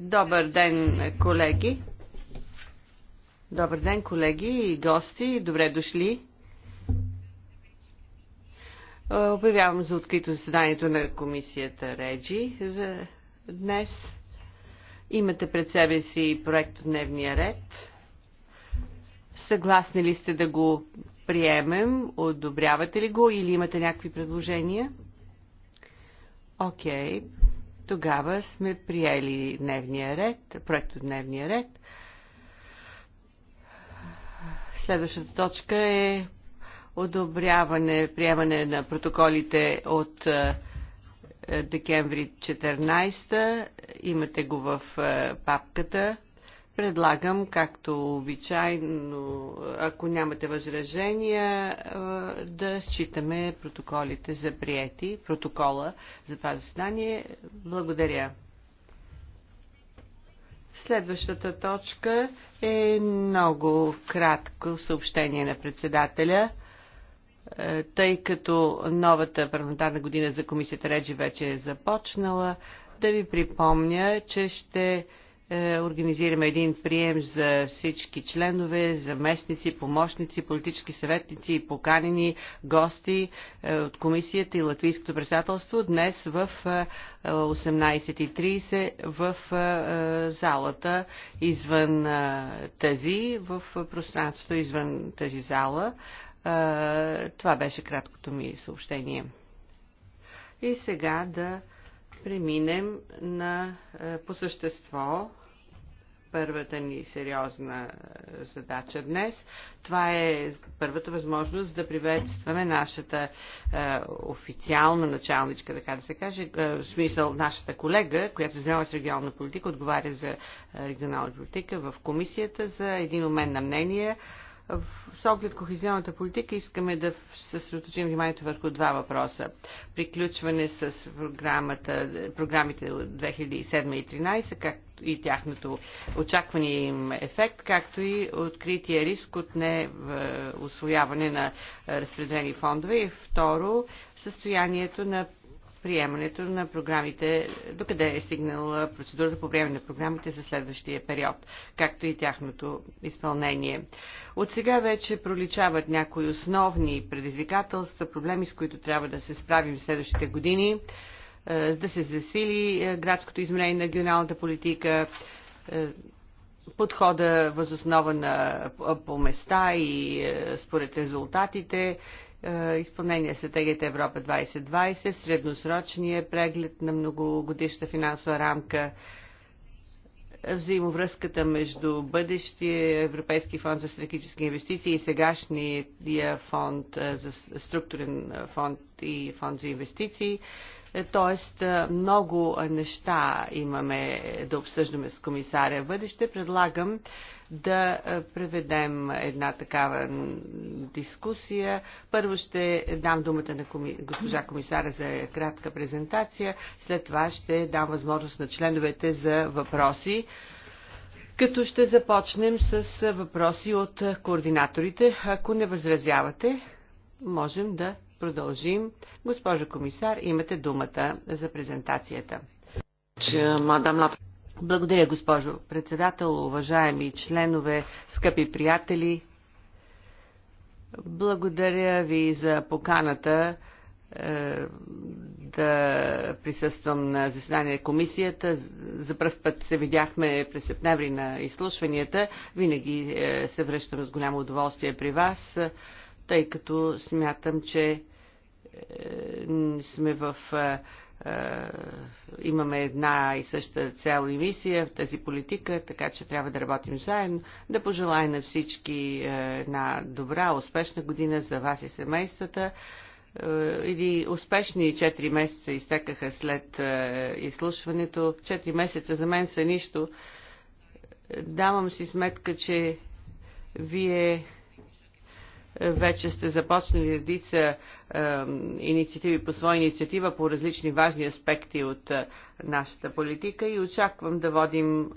Добър ден, колеги. Добър ден, колеги и гости. Добре дошли. Е, обявявам за открито заседанието на комисията Реджи за днес. Имате пред себе си проект Дневния ред. Съгласни ли сте да го приемем? Одобрявате ли го или имате някакви предложения? Окей, okay. Тогава сме приели дневния ред, проект от дневния ред. Следващата точка е одобряване, приемане на протоколите от е, декември 14. Имате го в е, папката. Предлагам, както обичайно, ако нямате възражения, да считаме протоколите за приети, протокола за това заседание. Благодаря. Следващата точка е много кратко съобщение на председателя. Тъй като новата парламентарна година за комисията Реджи вече е започнала, да ви припомня, че ще е, организираме един прием за всички членове, заместници, помощници, политически съветници и поканени гости е, от комисията и латвийското председателство днес в 18.30 е, в залата извън тази, в пространството извън тази зала. Това беше краткото ми съобщение. И сега да преминем на, е, по същество първата ни сериозна е, задача днес. Това е първата възможност да приветстваме нашата е, официална началничка, така да се каже, е, в смисъл нашата колега, която занимава с регионална политика, отговаря за е, регионална политика в комисията за един момент на мнения в, с оглед кохезионната политика искаме да съсредоточим вниманието върху два въпроса. Приключване с програмата, програмите от 2007 и 2013, както и тяхното очакване им ефект, както и открития риск от не освояване е, на разпределени фондове и второ състоянието на приемането на програмите, докъде е стигнала процедурата по приемане на програмите за следващия период, както и тяхното изпълнение. От сега вече проличават някои основни предизвикателства, проблеми, с които трябва да се справим в следващите години, е, да се засили е, градското измерение на регионалната политика, е, подхода възоснова на по места и според резултатите е, изпълнение стратегията Европа 2020, средносрочния преглед на многогодишната финансова рамка, взаимовръзката между бъдещия Европейски фонд за стратегически инвестиции и сегашния фонд е, за структурен фонд и фонд за инвестиции, Тоест много неща имаме да обсъждаме с комисаря бъдеще. Предлагам да преведем една такава дискусия. Първо ще дам думата на коми... госпожа комисара за кратка презентация, след това ще дам възможност на членовете за въпроси. Като ще започнем с въпроси от координаторите. Ако не възразявате, можем да продължим. Госпожо комисар, имате думата за презентацията. Благодаря, госпожо председател, уважаеми членове, скъпи приятели. Благодаря ви за поканата е, да присъствам на заседание на комисията. За първ път се видяхме през септември на изслушванията. Винаги е, се връщам с голямо удоволствие при вас тъй като смятам, че е, сме в е, е, имаме една и съща цел и мисия в тази политика, така че трябва да работим заедно. Да пожелая на всички една добра, успешна година за вас и семействата. Или успешни 4 месеца изтекаха след изслушването. 4 месеца за мен са нищо. Давам си сметка, че вие вече сте започнали редица инициативи по своя инициатива по различни важни аспекти от нашата политика и очаквам да водим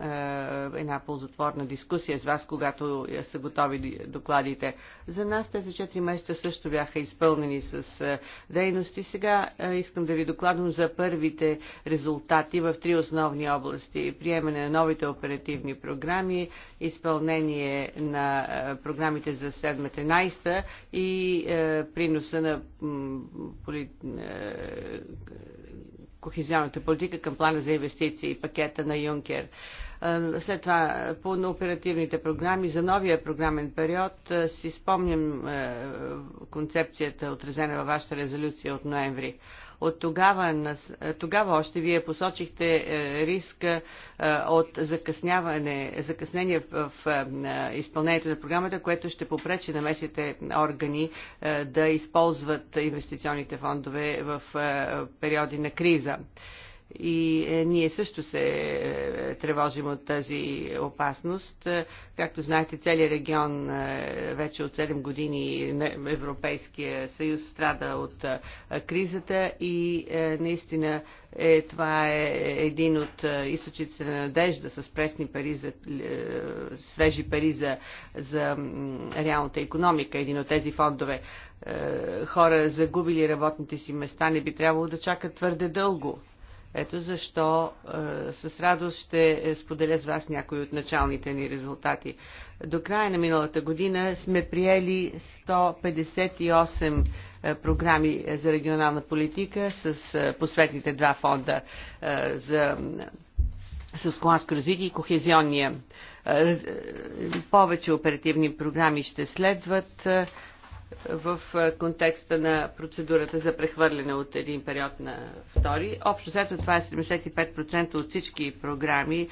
една ползотворна дискусия с вас, когато са готови докладите. За нас тези 4 месеца също бяха изпълнени с дейности. Сега искам да ви докладвам за първите резултати в три основни области. Приемане на новите оперативни програми, изпълнение на програмите за 7-13 и приноса на поли, е, кохезионната политика към плана за инвестиции, пакета на Юнкер. След това по оперативните програми за новия програмен период си спомням е, концепцията, отразена във вашата резолюция от ноември. От тогава, е, тогава още вие посочихте е, риска е, от закъсняване, закъснение в изпълнението на програмата, което ще попречи на местните органи да използват инвестиционните фондове в периоди на криза и е, ние също се е, тревожим от тази опасност. Е, както знаете, целият регион вече от 7 години Европейския съюз страда от кризата и наистина е, това е един от източниците на надежда с пресни пари, за, свежи пари за, за реалната економика, един от тези фондове. Хора загубили работните си места не би трябвало да чакат твърде дълго ето защо е, с радост ще е, споделя с вас някои от началните ни резултати. До края на миналата година сме приели 158 е, програми е, за регионална политика с посветните два фонда е, за селскоманско развитие и кохезионния. Повече оперативни програми ще следват в контекста на процедурата за прехвърляне от един период на втори. Общо след това е 75% от всички програми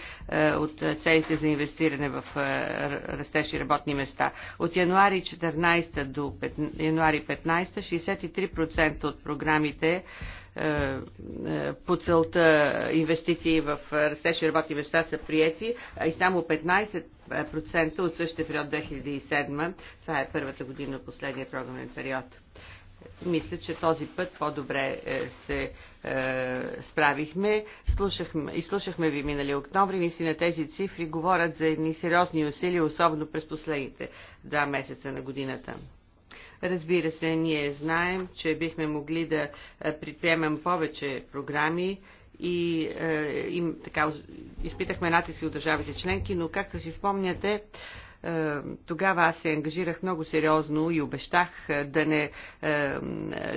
от целите за инвестиране в растещи работни места. От януари 14 до 5, януари 15 63% от програмите по целта инвестиции в растещи работни места са приети и само 15 процента от същия период 2007. Това е първата година, последния програмен период. Мисля, че този път по-добре е, се е, справихме. Слушахме, изслушахме ви минали октомври. Наистина тези цифри говорят за едни сериозни усилия, особено през последните два месеца на годината. Разбира се, ние знаем, че бихме могли да е, предприемем повече програми, и е, им, така, изпитахме натиси от държавите членки, но както си спомняте, е, тогава аз се ангажирах много сериозно и обещах е, да не е,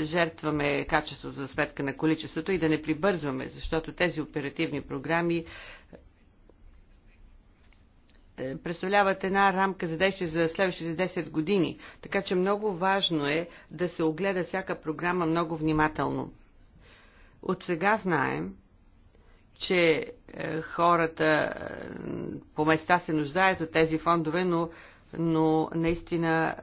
жертваме качеството за сметка на количеството и да не прибързваме, защото тези оперативни програми представляват една рамка за действие за следващите 10 години. Така че много важно е да се огледа всяка програма много внимателно. От сега знаем, че е, хората е, по места се нуждаят от тези фондове, но но наистина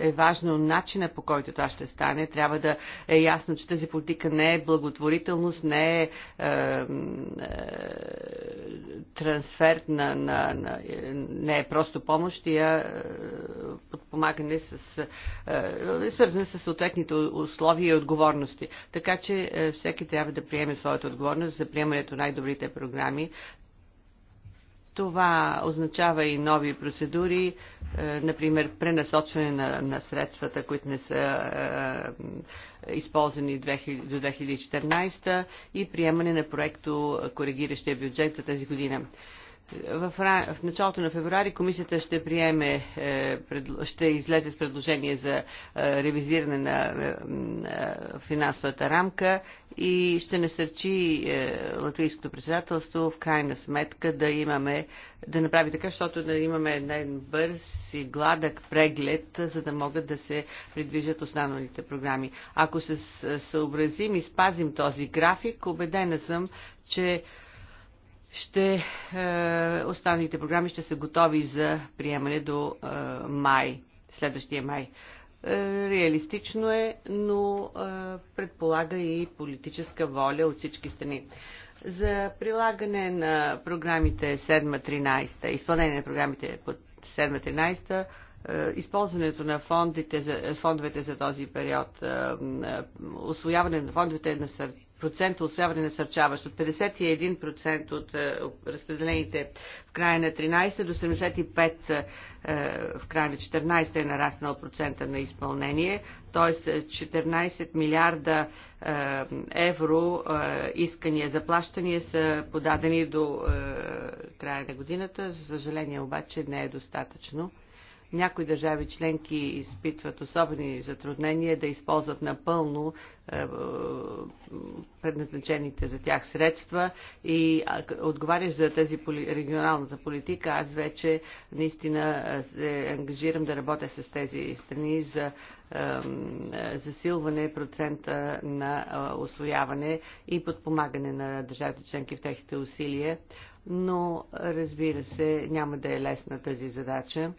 е, е важно начина по който това ще стане. Трябва да е ясно, че тази политика не е благотворителност, не е, е, е трансфер на, на, на не е просто помощ, и е, подпомагане с е, свързане с съответните условия и отговорности. Така че всеки трябва да приеме своята отговорност за приемането на най-добрите програми. Това означава и нови процедури, е, например пренасочване на, на средствата, които не са е, използвани до 2014 и приемане на проекто коригиращия бюджет за тази година. В, в началото на февруари комисията ще приеме, е, ще излезе с предложение за е, ревизиране е, на финансовата рамка и ще насърчи латвийското председателство в крайна сметка да имаме, да направи така, защото да имаме един бърз и гладък преглед, за да могат да се придвижат останалите програми. Ако се съобразим и спазим този график, убедена съм, че ще, е, останалите програми ще са готови за приемане до е, май, следващия май. Е, реалистично е, но е, предполага и политическа воля от всички страни. За прилагане на програмите 7-13, изпълнение на програмите под 7-13, е, използването на фондите за, фондовете за този период, е, е, освояване на фондовете е насърчено процента освяване насърчаващ. От 51% от е, разпределените в края на 13 до 75 е, в края на 14 е нараснал процента на изпълнение, т.е. 14 милиарда е, евро искания за плащания са подадени до края на годината. За съжаление обаче не е достатъчно. Някои държави членки изпитват особени затруднения да използват напълно е, е, предназначените за тях средства и отговаряш за тази регионалната политика, аз вече наистина е, се ангажирам да работя с тези страни за засилване процента на освояване и подпомагане на държавите членки в техните усилия, но разбира се, няма да е лесна тази задача.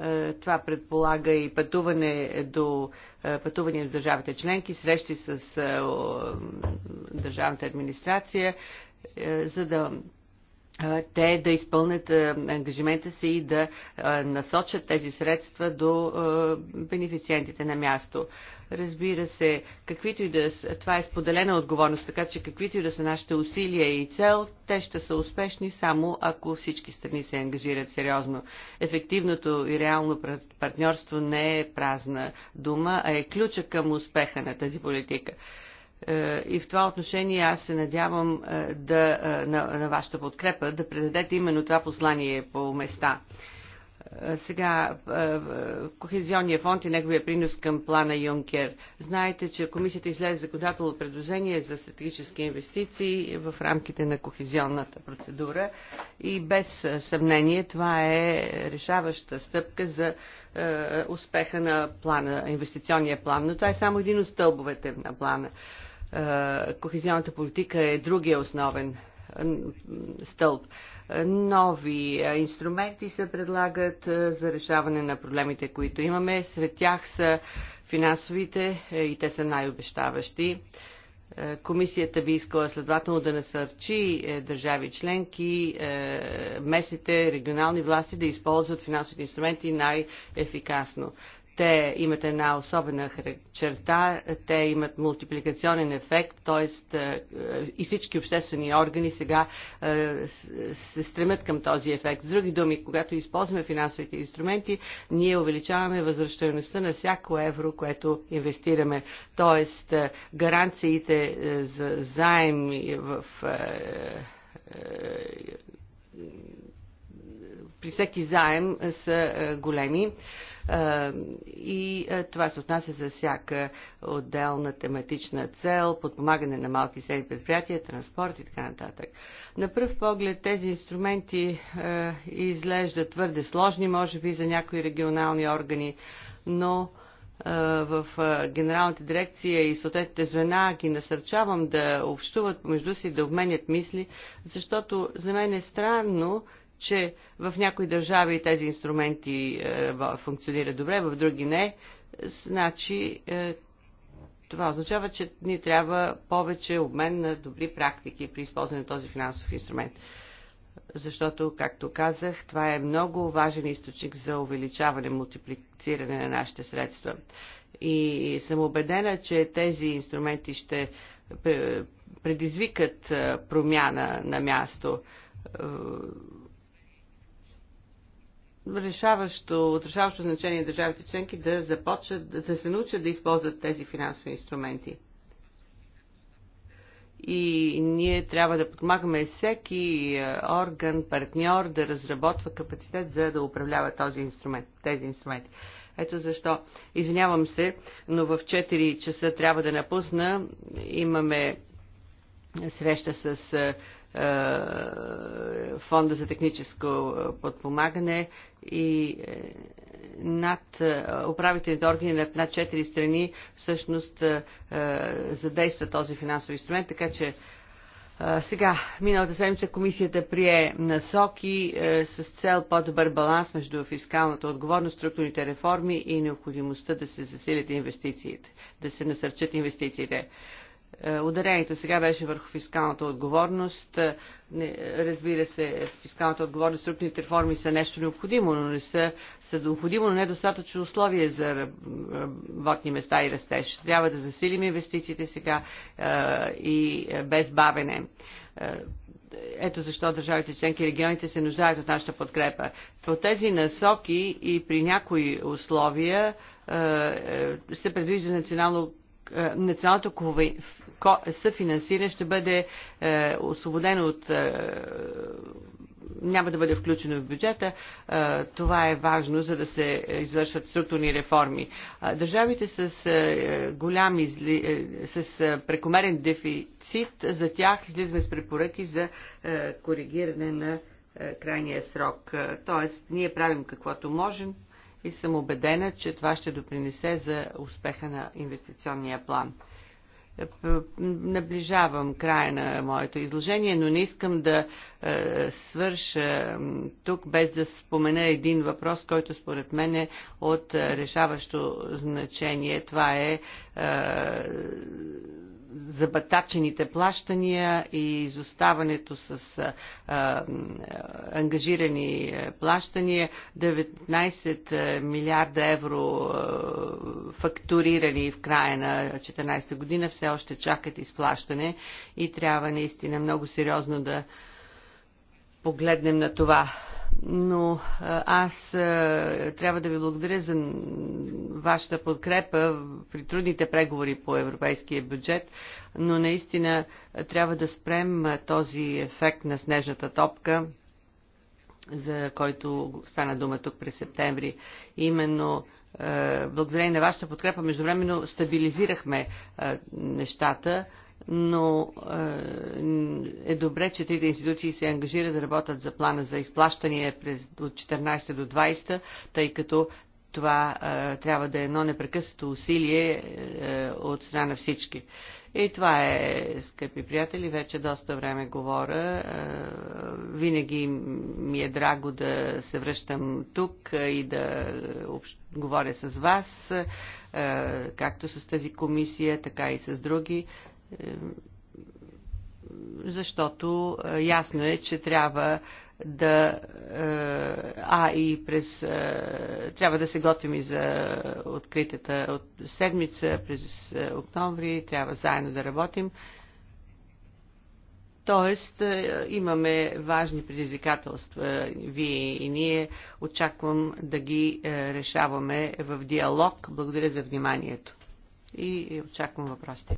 Е, това предполага и пътуване до, е, пътуване до държавите членки, срещи с е, държавната администрация, за да те да изпълнят ангажимента си и да насочат тези средства до бенефициентите на място. Разбира се, каквито и да, това е споделена отговорност, така че каквито и да са нашите усилия и цел, те ще са успешни само ако всички страни се ангажират сериозно. Ефективното и реално партньорство не е празна дума, а е ключа към успеха на тази политика. Е, и в това отношение аз се надявам е, да, е, на, на вашата подкрепа да предадете именно това послание по места. Сега, Кохезионния фонд и неговия принос към плана Юнкер. Знаете, че комисията излезе законодателно предложение за стратегически инвестиции в рамките на кохезионната процедура и без съмнение това е решаваща стъпка за успеха на плана, инвестиционния план. Но това е само един от стълбовете на плана. Е, кохезионната политика е другия основен стълб. Е, нови е, инструменти се предлагат за решаване на проблемите, които имаме. Сред тях са финансовите и те са най-обещаващи. Комисията би искала следователно да насърчи държави членки, местните, регионални власти да използват финансовите инструменти най-ефикасно те имат една особена черта, те имат мултипликационен ефект, т.е. Е, е, и всички обществени органи сега е, се стремят към този ефект. С други думи, когато използваме финансовите инструменти, ние увеличаваме възвръщаемостта на всяко евро, което инвестираме. Т.е. гаранциите за заем в при всеки заем са големи. Е, и е, това се отнася за всяка отделна тематична цел, подпомагане на малки и средни предприятия, транспорт и така нататък. На пръв поглед тези инструменти е, изглеждат твърде сложни, може би за някои регионални органи, но в генералната дирекция и съответните звена ги насърчавам да общуват помежду си, да обменят мисли, защото за мен е странно, че в някои държави тези инструменти е, функционират добре, в други не, значи е, това означава, че ни трябва повече обмен на добри практики при използване на този финансов инструмент. Защото, както казах, това е много важен източник за увеличаване, мултиплициране на нашите средства. И съм убедена, че тези инструменти ще предизвикат е, промяна на място решаващо, от решаващо значение държавите членки да започнат, да се научат да използват тези финансови инструменти. И ние трябва да подмагаме всеки е, орган, партньор да разработва капацитет за да управлява този инструмент, тези инструменти. Ето защо. Извинявам се, но в 4 часа трябва да напусна. Имаме среща с е, е, Фонда за техническо е, подпомагане и е, над управителните органи на над 4 страни всъщност задейства този финансов инструмент, така че сега, миналата седмица комисията прие насоки е, с цел по-добър баланс между фискалната отговорност, структурните реформи и необходимостта да се засилят инвестициите, да се насърчат инвестициите. Е, ударението сега беше върху фискалната отговорност. Е, разбира се, фискалната отговорност, структурните реформи са нещо необходимо, но не са, са необходимо, но недостатъчно условие за работни места и растеж. Трябва да засилим инвестициите сега е, и без бавене. Ето защо държавите членки и регионите се нуждаят от нашата подкрепа. По тези насоки и при някои условия се предвижда национално националното съфинансиране ще бъде е, освободено от. Е, няма да бъде включено в бюджета. Е, това е важно, за да се извършат структурни реформи. Е, държавите с е, голям изли, е, с е, прекомерен дефицит, за тях излизаме с препоръки за е, коригиране на е, крайния срок. Е, тоест, ние правим каквото можем, и съм убедена, че това ще допринесе за успеха на инвестиционния план наближавам края на моето изложение, но не искам да е, свърша тук без да спомена един въпрос, който според мен е от е, решаващо значение. Това е, е забатачените плащания и изоставането с а, ангажирани плащания, 19 милиарда евро фактурирани в края на 2014 година все още чакат изплащане и трябва наистина много сериозно да погледнем на това но аз трябва да ви благодаря за вашата подкрепа при трудните преговори по европейския бюджет, но наистина трябва да спрем този ефект на снежната топка, за който стана дума тук през септември. Именно благодарение на вашата подкрепа, междувременно стабилизирахме нещата но е, е добре, че трите институции се ангажират да работят за плана за изплащане през от 14 до 20, тъй като това е, трябва да е едно непрекъснато усилие е, от страна на всички. И това е, скъпи приятели, вече доста време говоря. Е, винаги ми е драго да се връщам тук е, и да общ... говоря с вас, както с тази комисия, така и с други защото е, ясно е, че трябва да е, а и през е, трябва да се готвим и за откритата от седмица през октомври, трябва заедно да работим. Тоест, имаме важни предизвикателства, вие и ние. Очаквам да ги решаваме в диалог. Благодаря за вниманието. И очаквам въпросите.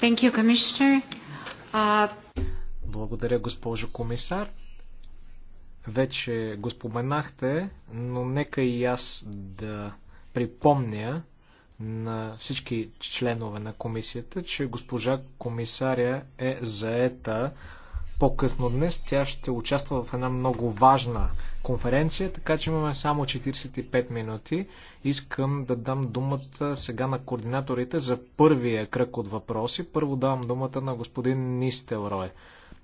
Thank you, Commissioner. Uh... Благодаря, госпожо комисар. Вече го споменахте, но нека и аз да припомня на всички членове на комисията, че госпожа комисаря е заета по-късно днес. Тя ще участва в една много важна конференция, така че имаме само 45 минути. Искам да дам думата сега на координаторите за първия кръг от въпроси. Първо давам думата на господин Рой.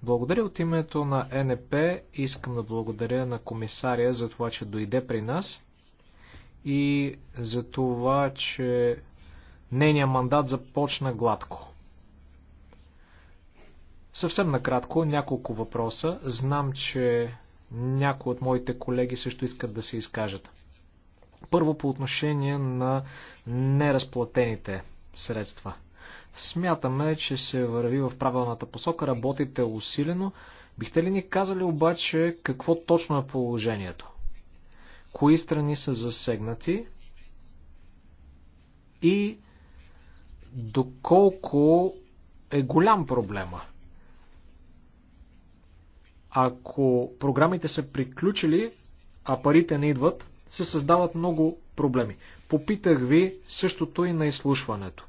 Благодаря от името на НП. Искам да благодаря на комисария за това, че дойде при нас и за това, че нейният мандат започна гладко. Съвсем накратко, няколко въпроса. Знам, че някои от моите колеги също искат да се изкажат. Първо по отношение на неразплатените средства. Смятаме, че се върви в правилната посока, работите усилено. Бихте ли ни казали обаче какво точно е положението? Кои страни са засегнати? И доколко е голям проблема? Ако програмите са приключили, а парите не идват, се създават много проблеми. Попитах ви същото и на изслушването.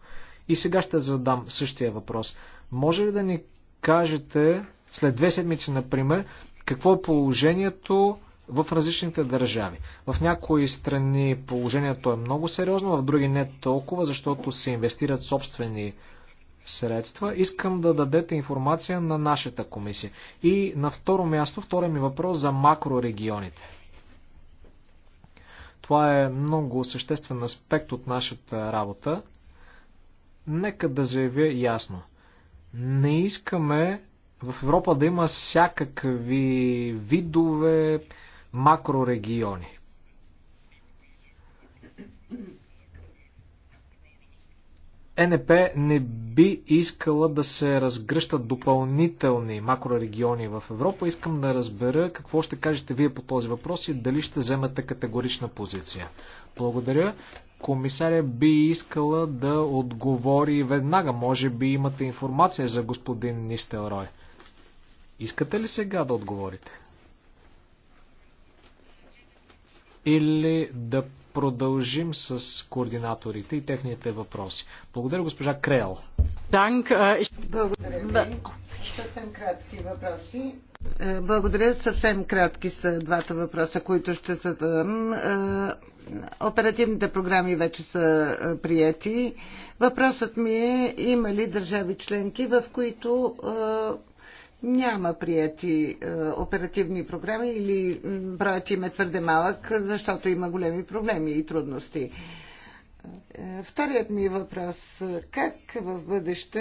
И сега ще задам същия въпрос. Може ли да ни кажете, след две седмици, например, какво е положението в различните държави. В някои страни положението е много сериозно, в други не толкова, защото се инвестират собствени средства, искам да дадете информация на нашата комисия. И на второ място, втория ми въпрос за макрорегионите. Това е много съществен аспект от нашата работа. Нека да заявя ясно. Не искаме в Европа да има всякакви видове макрорегиони. НП не би искала да се разгръщат допълнителни макрорегиони в Европа. Искам да разбера какво ще кажете вие по този въпрос и дали ще вземете категорична позиция. Благодаря. Комисаря би искала да отговори веднага. Може би имате информация за господин Нистелрой. Искате ли сега да отговорите? Или да продължим с координаторите и техните въпроси. Благодаря, госпожа Крел. Благодаря ви. Съвсем кратки въпроси. Е, благодаря. Съвсем кратки са двата въпроса, които ще задам. Е, оперативните програми вече са е, прияти. Въпросът ми е има ли държави членки, в които няма прияти е, оперативни програми или броят им е твърде малък, защото има големи проблеми и трудности. Е, вторият ми въпрос. Как в бъдеще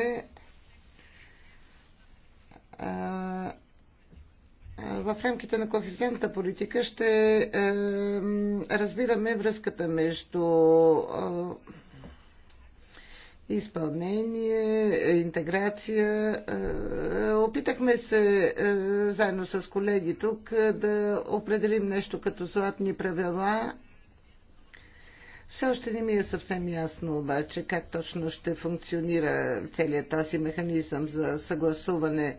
е, в рамките на кохезионната политика ще разбираме връзката между изпълнение, интеграция. Е, опитахме се е, заедно с колеги тук е, да определим нещо като златни правила. Все още не ми е съвсем ясно обаче как точно ще функционира целият този механизъм за съгласуване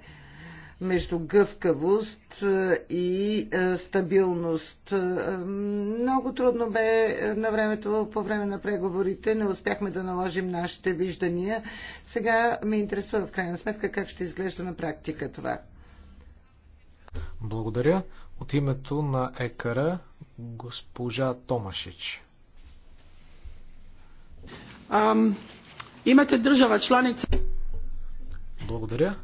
между гъвкавост е, и е, стабилност. Е, много трудно бе на времето, по време на преговорите, не успяхме да наложим нашите виждания. Сега ме интересува в крайна сметка как ще изглежда на практика това. Благодаря. От името на ЕКАРА госпожа Томашич. Ам, имате държава членица. Благодаря.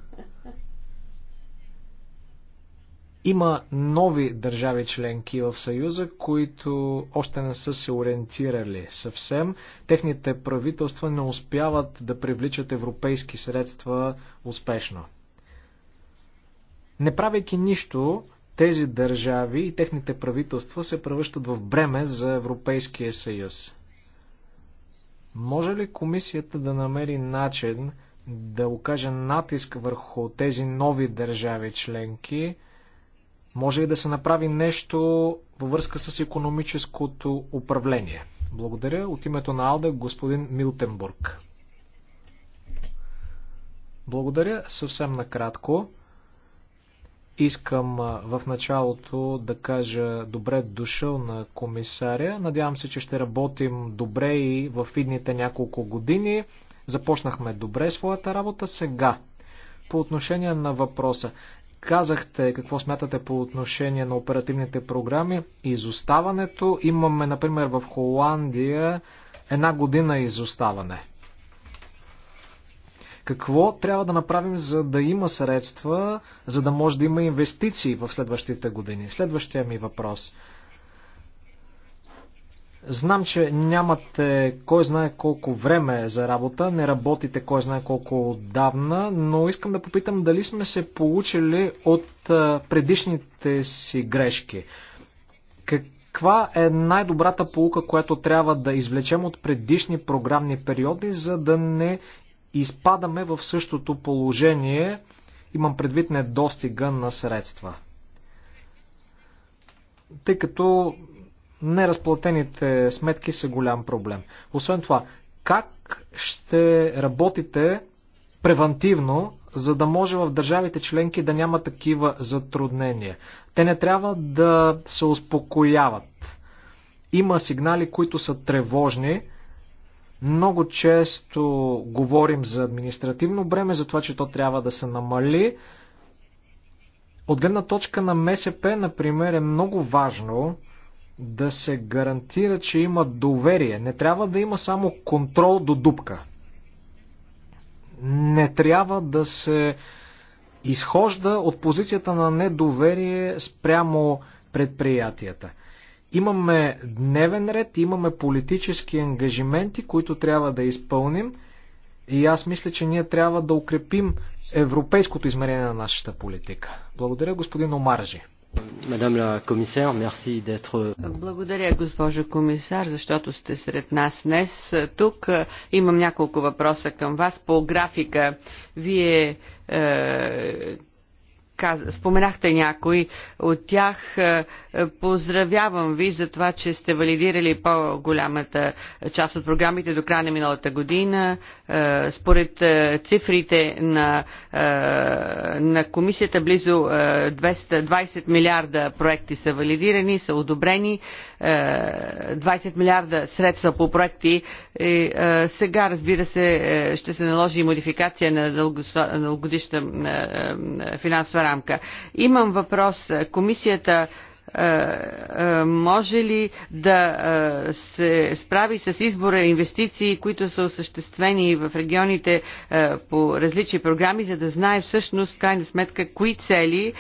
Има нови държави членки в Съюза, които още не са се ориентирали съвсем. Техните правителства не успяват да привличат европейски средства успешно. Не правейки нищо, тези държави и техните правителства се превръщат в бреме за Европейския съюз. Може ли комисията да намери начин да окаже натиск върху тези нови държави членки, може и да се направи нещо във връзка с економическото управление. Благодаря. От името на Алда, господин Милтенбург. Благодаря. Съвсем накратко. Искам в началото да кажа добре дошъл на комисаря. Надявам се, че ще работим добре и в идните няколко години. Започнахме добре своята работа сега. По отношение на въпроса, казахте какво смятате по отношение на оперативните програми. Изоставането имаме, например, в Холандия една година изоставане. Какво трябва да направим, за да има средства, за да може да има инвестиции в следващите години? Следващия ми въпрос. Знам, че нямате кой знае колко време за работа, не работите кой знае колко отдавна, но искам да попитам дали сме се получили от предишните си грешки. Каква е най-добрата полука, която трябва да извлечем от предишни програмни периоди, за да не изпадаме в същото положение, имам предвид недостига на средства? Тъй като неразплатените сметки са голям проблем. Освен това, как ще работите превантивно, за да може в държавите членки да няма такива затруднения? Те не трябва да се успокояват. Има сигнали, които са тревожни. Много често говорим за административно бреме, за това, че то трябва да се намали. От гледна точка на МСП, например, е много важно да се гарантира, че има доверие. Не трябва да има само контрол до дупка. Не трябва да се изхожда от позицията на недоверие спрямо предприятията. Имаме дневен ред, имаме политически ангажименти, които трябва да изпълним и аз мисля, че ние трябва да укрепим европейското измерение на нашата политика. Благодаря господин Омаржи. Благодаря, госпожо комисар, защото сте сред нас днес. Тук е, имам няколко въпроса към вас по графика. Вие е, каз... споменахте някои от тях. Е, е, поздравявам ви за това, че сте валидирали по-голямата част от програмите до края на миналата година. Е, според цифрите на, на комисията, близо 220 милиарда проекти са валидирани, са одобрени, 20 милиарда средства по проекти. И, сега, разбира се, ще се наложи и модификация на дългогодишна финансова рамка. Имам въпрос. Комисията е, е, може ли да е, се справи с избора инвестиции, които са осъществени в регионите по различни програми, за да знае всъщност, крайна сметка, кои цели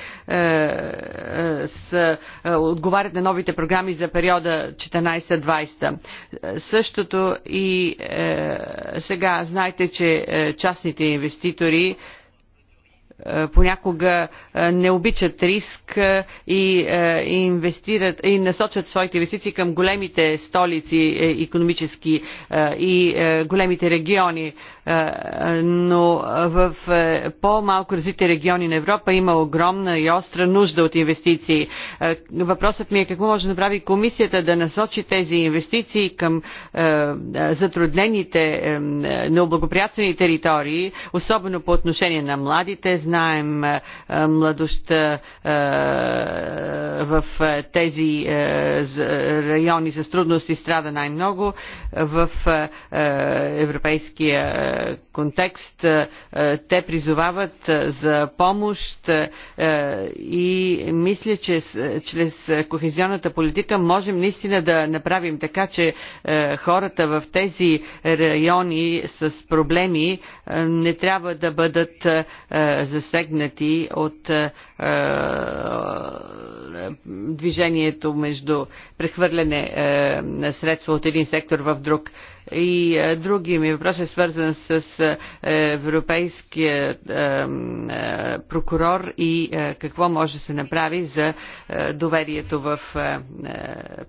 са, отговарят на новите програми за периода 14-20. Същото и сега знаете, че частните инвеститори е, понякога е, не обичат риск е, и, инвестират, и насочат своите инвестиции към големите столици економически и големите региони. Но в по-малко развитите региони на Европа има огромна и остра нужда от инвестиции. Въпросът ми е какво може да направи комисията да насочи тези инвестиции към затруднените, необлагоприятствени територии, особено по отношение на младите, Знаем младостта в тези райони с трудности страда най-много. В европейския контекст те призовават за помощ и мисля, че чрез кохезионната политика можем наистина да направим така, че хората в тези райони с проблеми не трябва да бъдат за засегнати от е, е, движението между прехвърляне е, на средства от един сектор в друг. И е, други ми въпрос е свързан с е, европейския е, е прокурор и е, какво може да се направи за е, доверието в е, е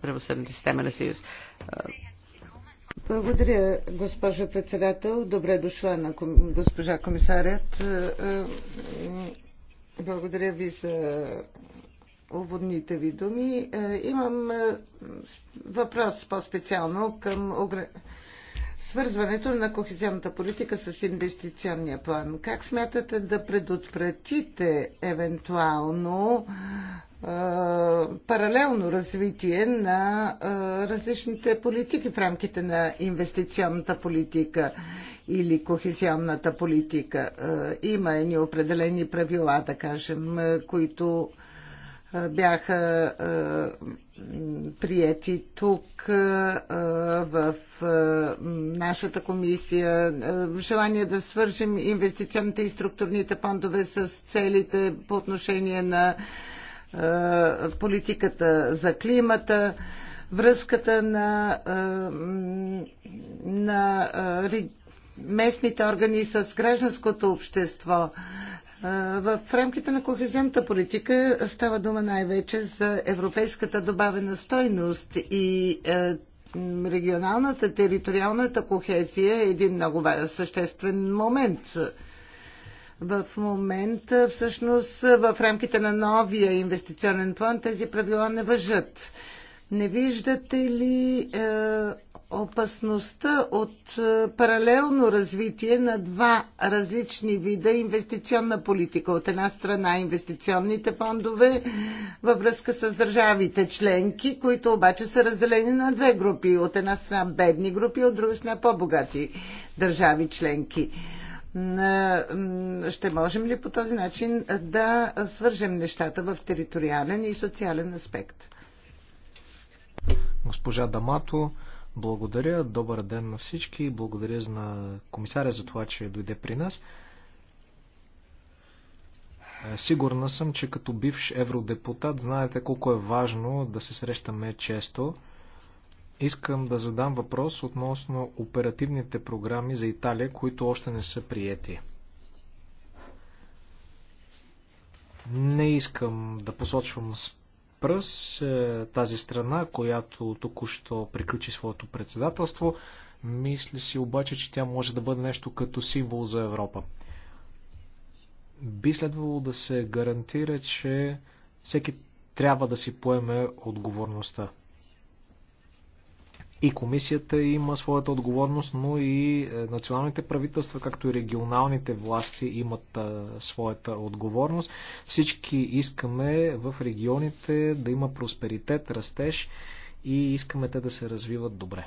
правосъдната система на Съюз. Благодаря, госпожо председател. Добре дошла на госпожа комисарят. Е, е, благодаря ви за уводните ви думи. Е, имам въпрос по-специално към свързването на кохезионната политика с инвестиционния план. Как смятате да предотвратите евентуално е, паралелно развитие на е, различните политики в рамките на инвестиционната политика или кохезионната политика? Е, има и определени правила, да кажем, които бяха прияти тук в нашата комисия. Желание да свържем инвестиционните и структурните фондове с целите по отношение на политиката за климата, връзката на, на местните органи с гражданското общество в рамките на кохезионната политика става дума най-вече за европейската добавена стойност и е, регионалната, териториалната кохезия е един много съществен момент. В момента, всъщност, в рамките на новия инвестиционен план тези правила не въжат. Не виждате ли е, опасността от е, паралелно развитие на два различни вида инвестиционна политика? От една страна инвестиционните фондове във връзка с държавите членки, които обаче са разделени на две групи. От една страна бедни групи, от друга страна по-богати държави членки. Е, ще можем ли по този начин да свържем нещата в териториален и социален аспект? Госпожа Дамато, благодаря. Добър ден на всички. Благодаря на комисаря за това, че дойде при нас. Е, сигурна съм, че като бивш евродепутат знаете колко е важно да се срещаме често. Искам да задам въпрос относно оперативните програми за Италия, които още не са приети. Не искам да посочвам с Пръс, е, тази страна, която току-що приключи своето председателство. мисли си обаче, че тя може да бъде нещо като символ за Европа. Би следвало да се гарантира, че всеки трябва да си поеме отговорността и комисията има своята отговорност, но и е, националните правителства, както и регионалните власти имат е, своята отговорност. Всички искаме в регионите да има просперитет, растеж и искаме те да се развиват добре.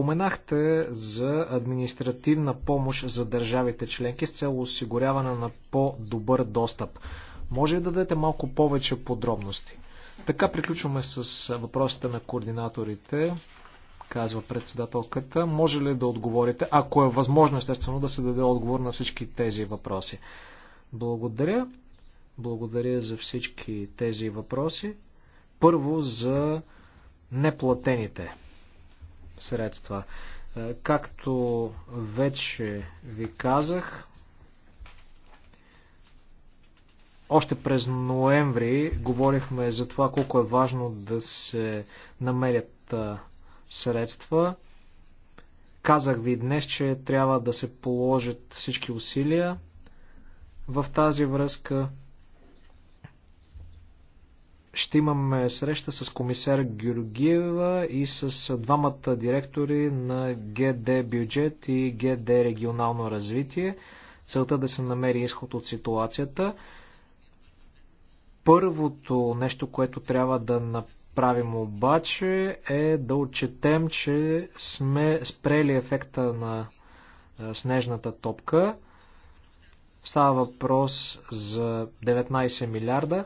Споменахте за административна помощ за държавите членки с цел осигуряване на по-добър достъп. Може ли да дадете малко повече подробности? Така приключваме с въпросите на координаторите, казва председателката. Може ли да отговорите, ако е възможно, естествено, да се даде отговор на всички тези въпроси? Благодаря. Благодаря за всички тези въпроси. Първо за неплатените средства. Е, както вече ви казах, още през ноември говорихме за това колко е важно да се намерят е, средства. Казах ви днес, че трябва да се положат всички усилия в тази връзка ще имаме среща с комисар Георгиева и с двамата директори на ГД бюджет и ГД регионално развитие. Целта е да се намери изход от ситуацията. Първото нещо, което трябва да направим обаче е да отчетем, че сме спрели ефекта на снежната топка. Става въпрос за 19 милиарда.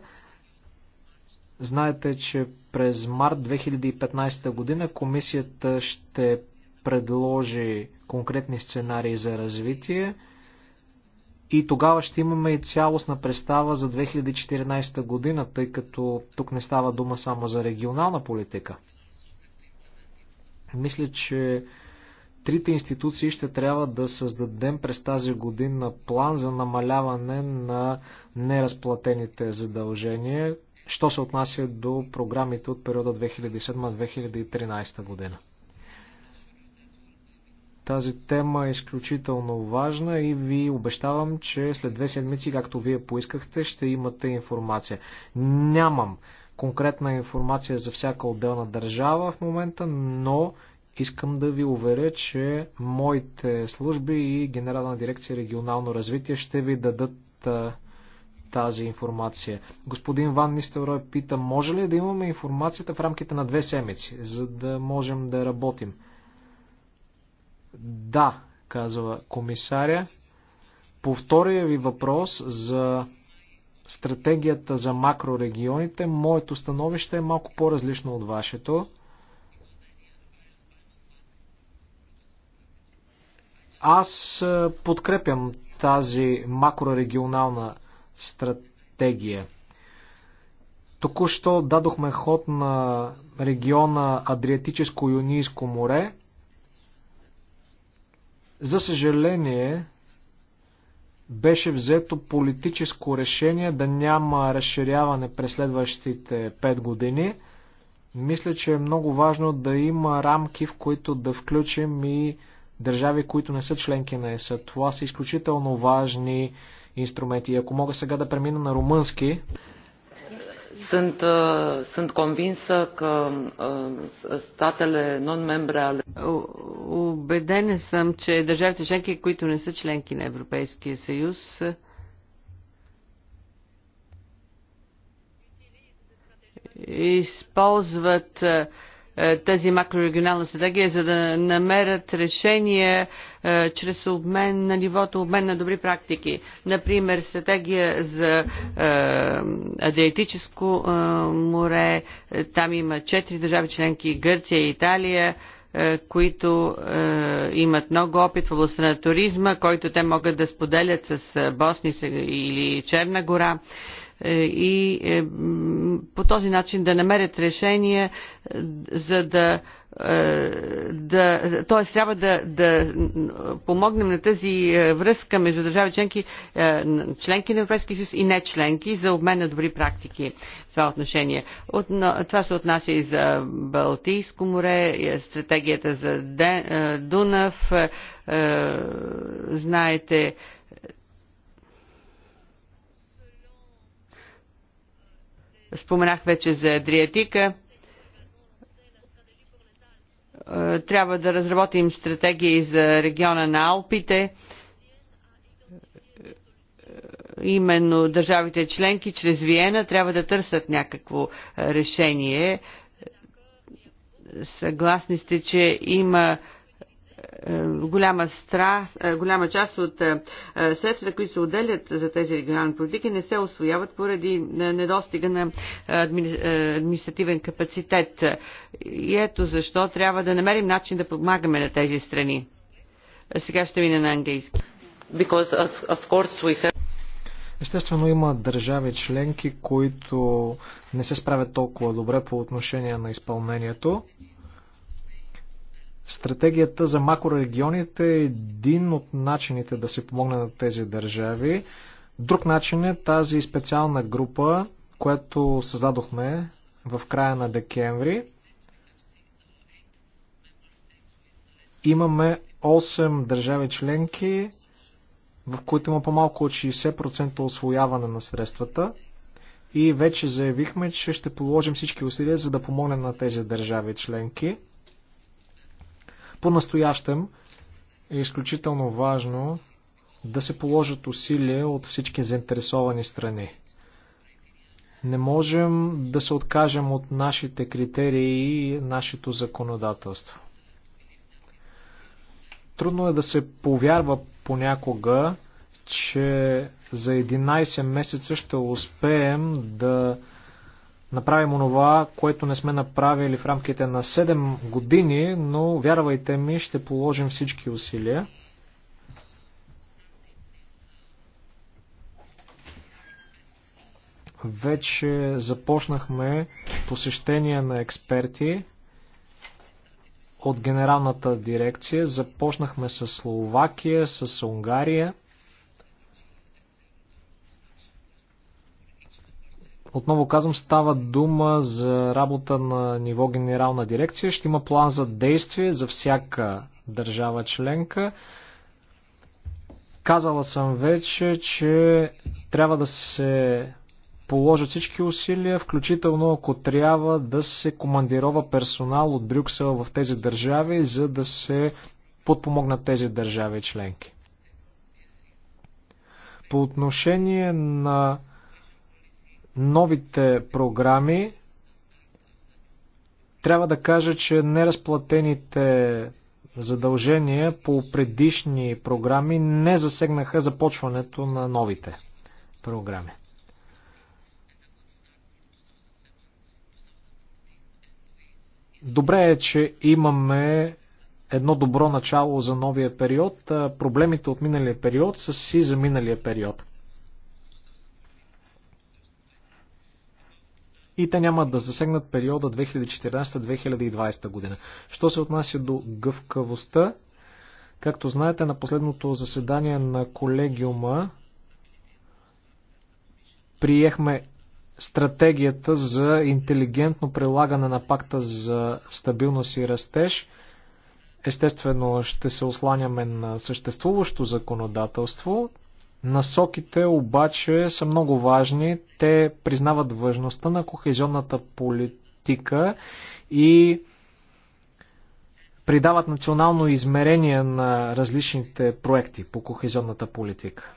Знаете, че през март 2015 година комисията ще предложи конкретни сценарии за развитие и тогава ще имаме и цялостна представа за 2014 година, тъй като тук не става дума само за регионална политика. Мисля, че трите институции ще трябва да създадем през тази година план за намаляване на неразплатените задължения, що се отнася до програмите от периода 2007-2013 година. Тази тема е изключително важна и ви обещавам, че след две седмици, както вие поискахте, ще имате информация. Нямам конкретна информация за всяка отделна държава в момента, но искам да ви уверя, че моите служби и Генерална дирекция регионално развитие ще ви дадат тази информация. Господин Ван Нистелрой пита, може ли да имаме информацията в рамките на две седмици, за да можем да работим? Да, казва комисаря. По втория ви въпрос за стратегията за макрорегионите, моето становище е малко по-различно от вашето. Аз подкрепям тази макрорегионална стратегия. Току-що дадохме ход на региона Адриатическо-Юнийско море. За съжаление, беше взето политическо решение да няма разширяване през следващите 5 години. Мисля, че е много важно да има рамки, в които да включим и държави, които не са членки на ЕС. Това са изключително важни инструменти. Ако мога сега да премина на румънски. Sunt, sunt convinsă că statele non-membre ale... Убедена съм, че държавите членки, които не са членки на Европейския съюз, използват uh, е, тази макрорегионална стратегия, за да намерят решение е, чрез обмен на нивото, обмен на добри практики. Например, стратегия за е, Адриатическо море, там има четири държави членки Гърция и Италия които е, имат много опит в областта на туризма, който те могат да споделят с Босни или Черна гора. Е, е, и е, по този начин да намерят решение, е, за да да, т.е. трябва да, да помогнем на тази връзка между държави членки, членки на Европейския съюз и не членки за обмен на добри практики в това отношение. От, това се отнася и за Балтийско море, стратегията за Дунав, знаете, Споменах вече за Адриатика. Е, трябва да разработим стратегии за региона на Алпите. Е, именно държавите членки чрез Виена трябва да търсят някакво е, решение. Съгласни сте, че има е, голяма, стра, е, голяма част от е, средствата, които се отделят за тези регионални политики, не се освояват поради недостига на административен капацитет. И ето защо трябва да намерим начин да помагаме на тези страни. Сега ще мина на английски. Естествено има държави членки, които не се справят толкова добре по отношение на изпълнението. Стратегията за макрорегионите е един от начините да се помогне на тези държави. Друг начин е тази специална група, която създадохме в края на декември. Имаме 8 държави членки, в които има по-малко от 60% освояване на средствата и вече заявихме, че ще положим всички усилия, за да помогнем на тези държави членки. По-настоящем е изключително важно да се положат усилия от всички заинтересовани страни. Не можем да се откажем от нашите критерии и нашето законодателство. Трудно е да се повярва понякога, че за 11 месеца ще успеем да направим онова, което не сме направили в рамките на 7 години, но вярвайте ми, ще положим всички усилия. Вече започнахме посещение на експерти от генералната дирекция. Започнахме с Словакия, с Унгария. Отново казвам, става дума за работа на ниво генерална дирекция. Ще има план за действие за всяка държава членка. Казала съм вече, че трябва да се положат всички усилия, включително ако трябва да се командирова персонал от Брюксел в тези държави, за да се подпомогнат тези държави членки. По отношение на новите програми, трябва да кажа, че неразплатените задължения по предишни програми не засегнаха започването на новите програми. Добре е, че имаме едно добро начало за новия период. Проблемите от миналия период са си за миналия период. и те няма да засегнат периода 2014-2020 година. Що се отнася до гъвкавостта, както знаете, на последното заседание на колегиума приехме стратегията за интелигентно прилагане на пакта за стабилност и растеж. Естествено, ще се осланяме на съществуващо законодателство. Насоките обаче са много важни. Те признават важността на кохезионната политика и придават национално измерение на различните проекти по кохезионната политика.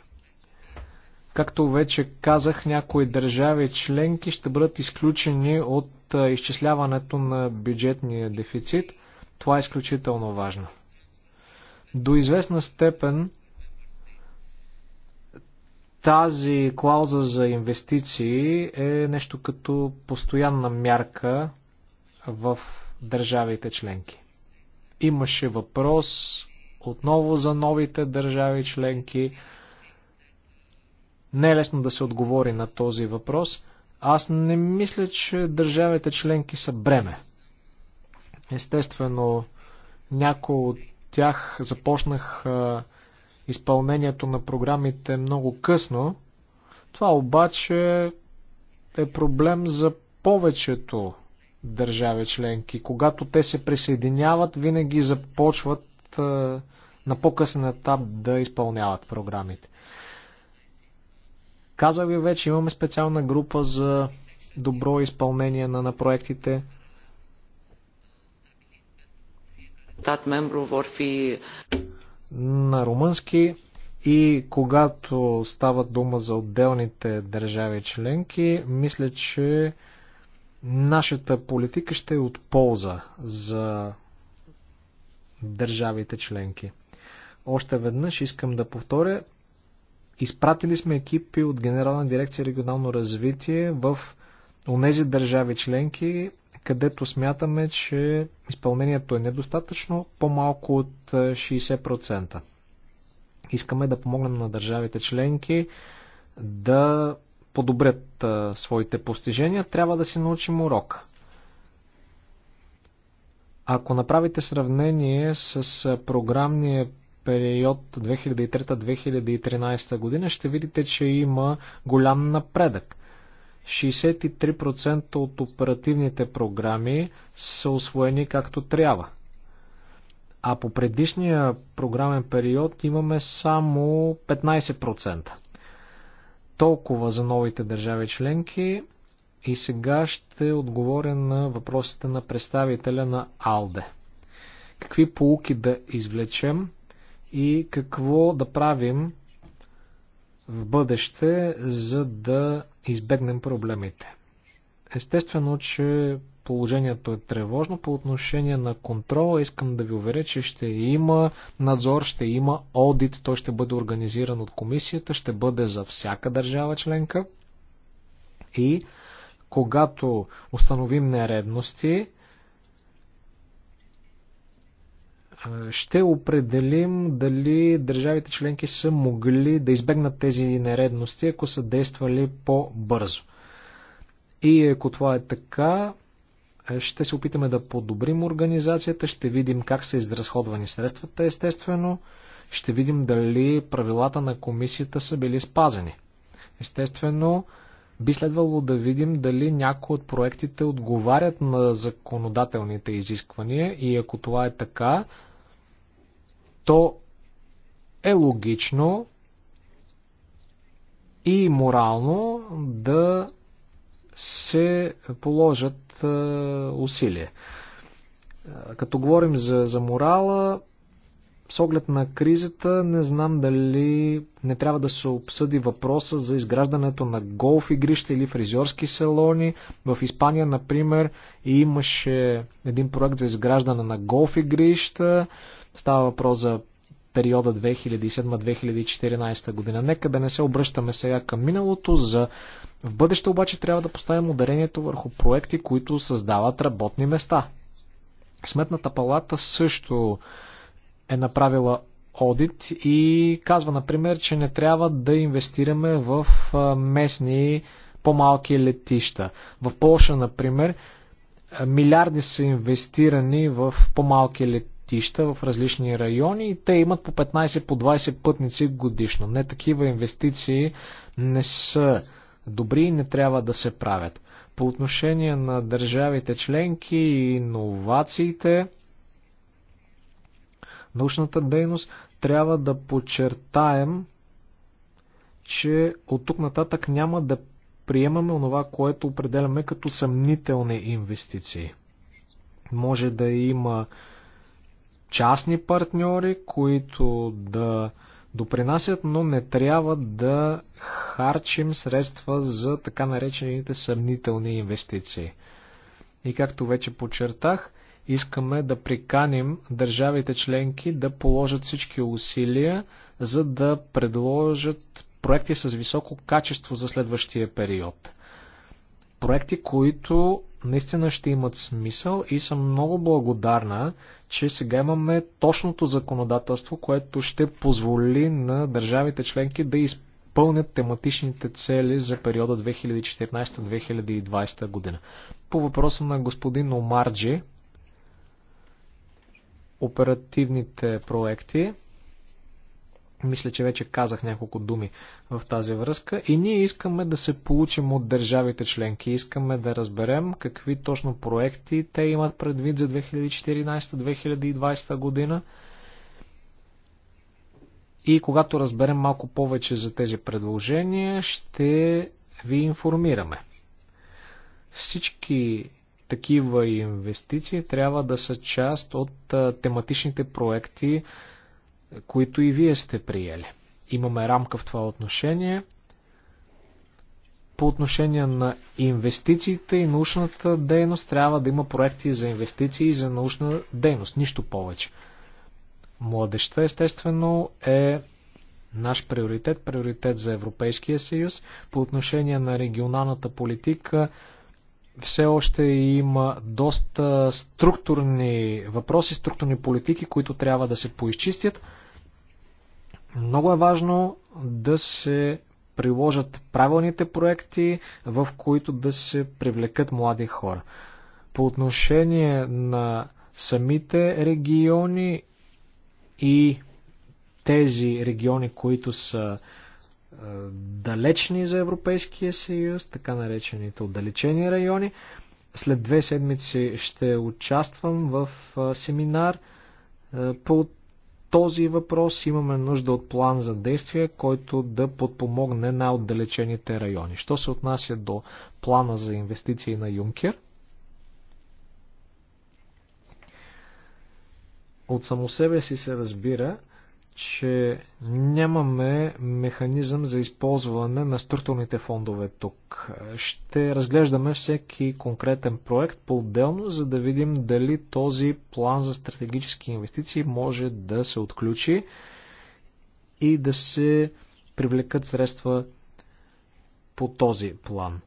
Както вече казах, някои държави членки ще бъдат изключени от изчисляването на бюджетния дефицит. Това е изключително важно. До известна степен тази клауза за инвестиции е нещо като постоянна мярка в държавите членки. Имаше въпрос отново за новите държави членки. Не е лесно да се отговори на този въпрос. Аз не мисля, че държавите членки са бреме. Естествено, някои от тях започнаха изпълнението на програмите много късно. Това обаче е проблем за повечето държави членки. Когато те се присъединяват, винаги започват на по-късен етап да изпълняват програмите. Казах ви вече, имаме специална група за добро изпълнение на, на проектите. Стат мембру vor на румънски и когато става дума за отделните държави членки, мисля, че нашата политика ще е от полза за държавите членки. Още веднъж искам да повторя, изпратили сме екипи от Генерална дирекция регионално развитие в онези държави членки, където смятаме, че изпълнението е недостатъчно, по-малко от 60%. Е, Искаме да помогнем на държавите членки да подобрят е, своите постижения. Трябва да си научим урока. Ако направите сравнение с е, програмния период 2003-2013 година, ще видите, че има голям напредък – 63% от оперативните програми са освоени както трябва. А по предишния програмен период имаме само 15%. Толкова за новите държави членки. И сега ще отговоря на въпросите на представителя на АЛДЕ. Какви полуки да извлечем и какво да правим в бъдеще, за да избегнем проблемите. Естествено, че положението е тревожно по отношение на контрола. Искам да ви уверя, че ще има надзор, ще има одит, той ще бъде организиран от комисията, ще бъде за всяка държава членка. И когато установим нередности, Е, ще определим дали държавите членки са могли да избегнат тези нередности, ако са действали по-бързо. И ако това е така, е, ще се опитаме да подобрим организацията, ще видим как са изразходвани средствата, естествено, ще видим дали правилата на комисията са били спазени. Естествено, би следвало да видим дали някои от проектите отговарят на законодателните изисквания и ако това е така, то е логично и морално да се положат усилия. Като говорим за, за морала, с оглед на кризата, не знам дали не трябва да се обсъди въпроса за изграждането на голф игрища или фризьорски салони. В Испания, например, имаше един проект за изграждане на голф игрища. Става въпрос за периода 2007-2014 година. Нека да не се обръщаме сега към миналото. За в бъдеще обаче трябва да поставим ударението върху проекти, които създават работни места. Сметната палата също е направила одит и казва, например, че не трябва да инвестираме в местни по-малки летища. В Польша, например, милиарди са инвестирани в по-малки летища летища в различни райони и те имат по 15 по 20 пътници годишно. Не такива инвестиции не са добри и не трябва да се правят. По отношение на държавите членки и иновациите, научната дейност, трябва да подчертаем, че от тук нататък няма да приемаме онова, което определяме като съмнителни инвестиции. Може да има частни партньори, които да допринасят, но не трябва да харчим средства за така наречените съмнителни инвестиции. И както вече подчертах, искаме да приканим държавите членки да положат всички усилия, за да предложат проекти с високо качество за следващия период. Проекти, които наистина ще имат смисъл и съм много благодарна, че сега имаме точното законодателство, което ще позволи на държавите членки да изпълнят тематичните цели за периода 2014-2020 година. По въпроса на господин Омарджи, оперативните проекти, мисля, че вече казах няколко думи в тази връзка. И ние искаме да се получим от държавите членки. Искаме да разберем какви точно проекти те имат предвид за 2014-2020 година. И когато разберем малко повече за тези предложения, ще ви информираме. Всички такива инвестиции трябва да са част от тематичните проекти, които и вие сте приели. Имаме рамка в това отношение. По отношение на инвестициите и научната дейност трябва да има проекти за инвестиции и за научна дейност, нищо повече. Младеща, естествено, е наш приоритет, приоритет за Европейския съюз. По отношение на регионалната политика, все още има доста структурни въпроси, структурни политики, които трябва да се поизчистят. Много е важно да се приложат правилните проекти, в които да се привлекат млади хора. По отношение на самите региони и тези региони, които са е, далечни за Европейския съюз, така наречените отдалечени райони. След две седмици ще участвам в е, семинар е, по този въпрос имаме нужда от план за действие, който да подпомогне на отдалечените райони. Що се отнася до плана за инвестиции на Юнкер? От само себе си се разбира, че нямаме механизъм за използване на структурните фондове тук. Ще разглеждаме всеки конкретен проект по-отделно, за да видим дали този план за стратегически инвестиции може да се отключи и да се привлекат средства по този план.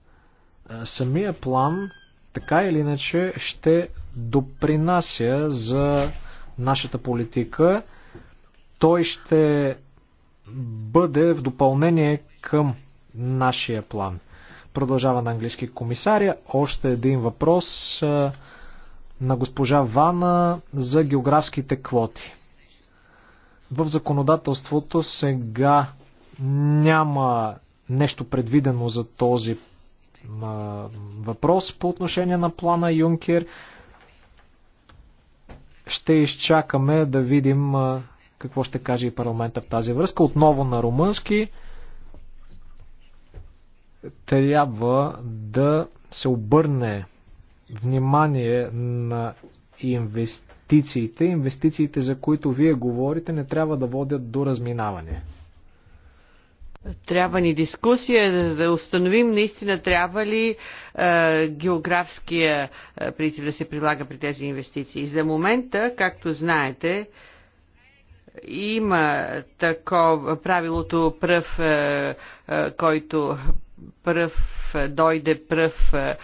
Самия план, така или иначе, ще допринася за нашата политика той ще бъде в допълнение към нашия план. Продължава на английски комисаря. Още един въпрос на госпожа Вана за географските квоти. В законодателството сега няма нещо предвидено за този въпрос по отношение на плана Юнкер. Ще изчакаме да видим какво ще каже и парламента в тази връзка. Отново на румънски трябва да се обърне внимание на инвестициите. Инвестициите, за които вие говорите, не трябва да водят до разминаване. Трябва ни дискусия, за да установим наистина трябва ли е, географския е, принцип да се прилага при тези инвестиции. За момента, както знаете, е, има такова правилото пръв, е, е, който пръв дойде, пръв е,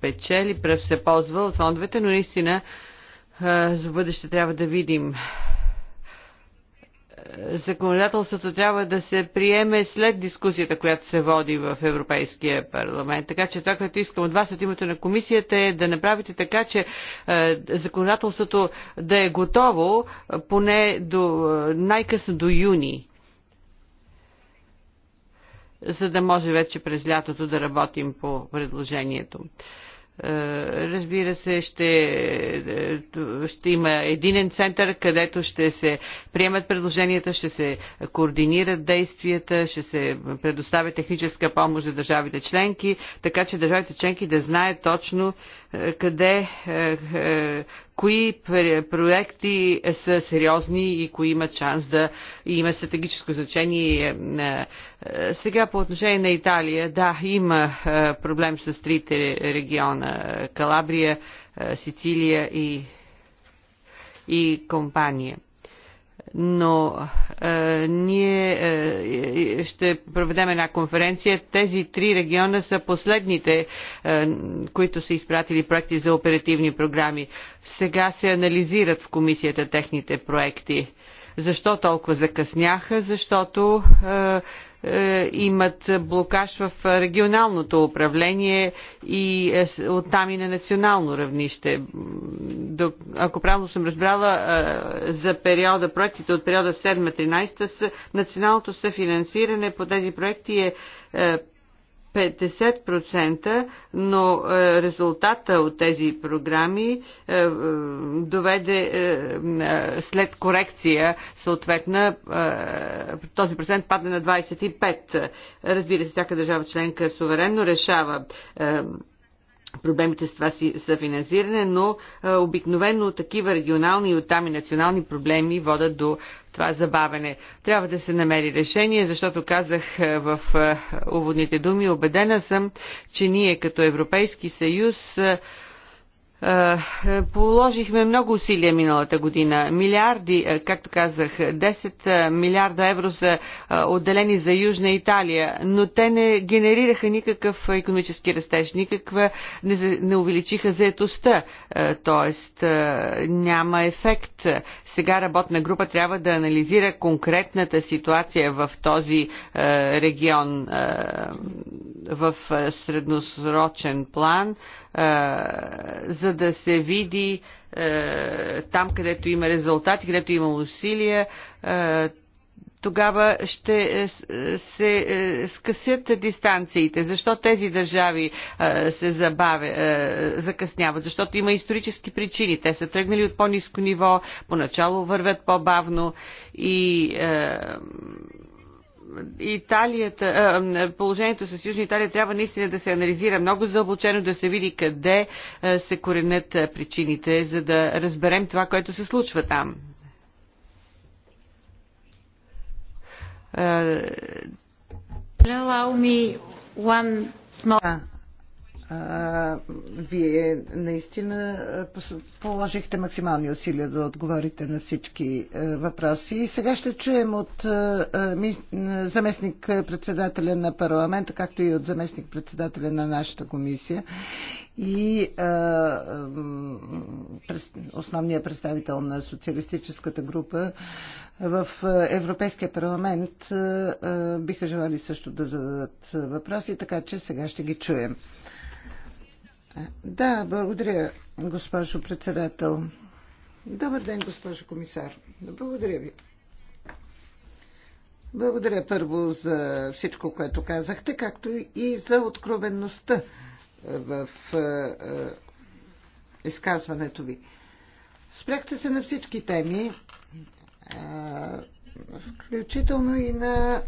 печели, пръв се ползва от фондовете, но наистина за бъдеще трябва да видим законодателството трябва да се приеме след дискусията, която се води в Европейския парламент. Така че това, което искам от вас от името на комисията е да направите така, че е, законодателството да е готово е, поне до, е, най-късно до юни, за да може вече през лятото да работим по предложението. Е, разбира се, ще, е, ще има единен център, където ще се приемат предложенията, ще се координират действията, ще се предоставя техническа помощ за държавите членки, така че държавите членки да знаят точно къде, е, е, кои проекти са сериозни и кои имат шанс да имат стратегическо значение. Е, сега по отношение на Италия, да, има проблем с трите региона Калабрия, Сицилия и, и компания но е, ние е, ще проведем една конференция. Тези три региона са последните, е, които са изпратили проекти за оперативни програми. Сега се анализират в комисията техните проекти. Защо толкова закъсняха? Защото е, е, имат блокаж в регионалното управление и е, оттам и на национално равнище. Ако правилно съм разбрала, е, за периода, проектите от периода 7-13 националното съфинансиране по тези проекти е 50%, но е, резултата от тези програми е, е, доведе след корекция съответна този процент падна на 25. Разбира се, всяка държава членка суверенно решава проблемите с това си съфинансиране, но а, обикновено такива регионални и оттам и национални проблеми водат до това забавене. Трябва да се намери решение, защото казах в уводните думи, убедена съм, че ние като Европейски съюз а, е, е, положихме много усилия миналата година. Милиарди, е, както казах, 10 милиарда евро са отделени за Южна Италия, но те не генерираха никакъв економически растеж, никаква не, не увеличиха заетостта, т.е. няма ефект. Сега работна група трябва да анализира конкретната ситуация в този регион в средносрочен план за за да се види е, там, където има резултати, където има усилия, е, тогава ще е, се е, скъсят дистанциите. Защо тези държави е, се забавя, закъсняват? Защото има исторически причини. Те са тръгнали от по-низко ниво, поначало вървят по-бавно и Италията, положението с Южна Италия трябва наистина да се анализира много задълбочено, да се види къде се коренят причините, за да разберем това, което се случва там. Allow me one small... А, вие наистина положихте максимални усилия да отговорите на всички а, въпроси. И сега ще чуем от а, ми, заместник председателя на парламента, както и от заместник председателя на нашата комисия и а, през, основния представител на социалистическата група в Европейския парламент а, биха желали също да зададат въпроси, така че сега ще ги чуем. Да, благодаря, госпожо председател. Добър ден, госпожо комисар. Благодаря ви. Благодаря първо за всичко, което казахте, както и за откровенността е, в е, е, изказването ви. Спряхте се на всички теми, включително и на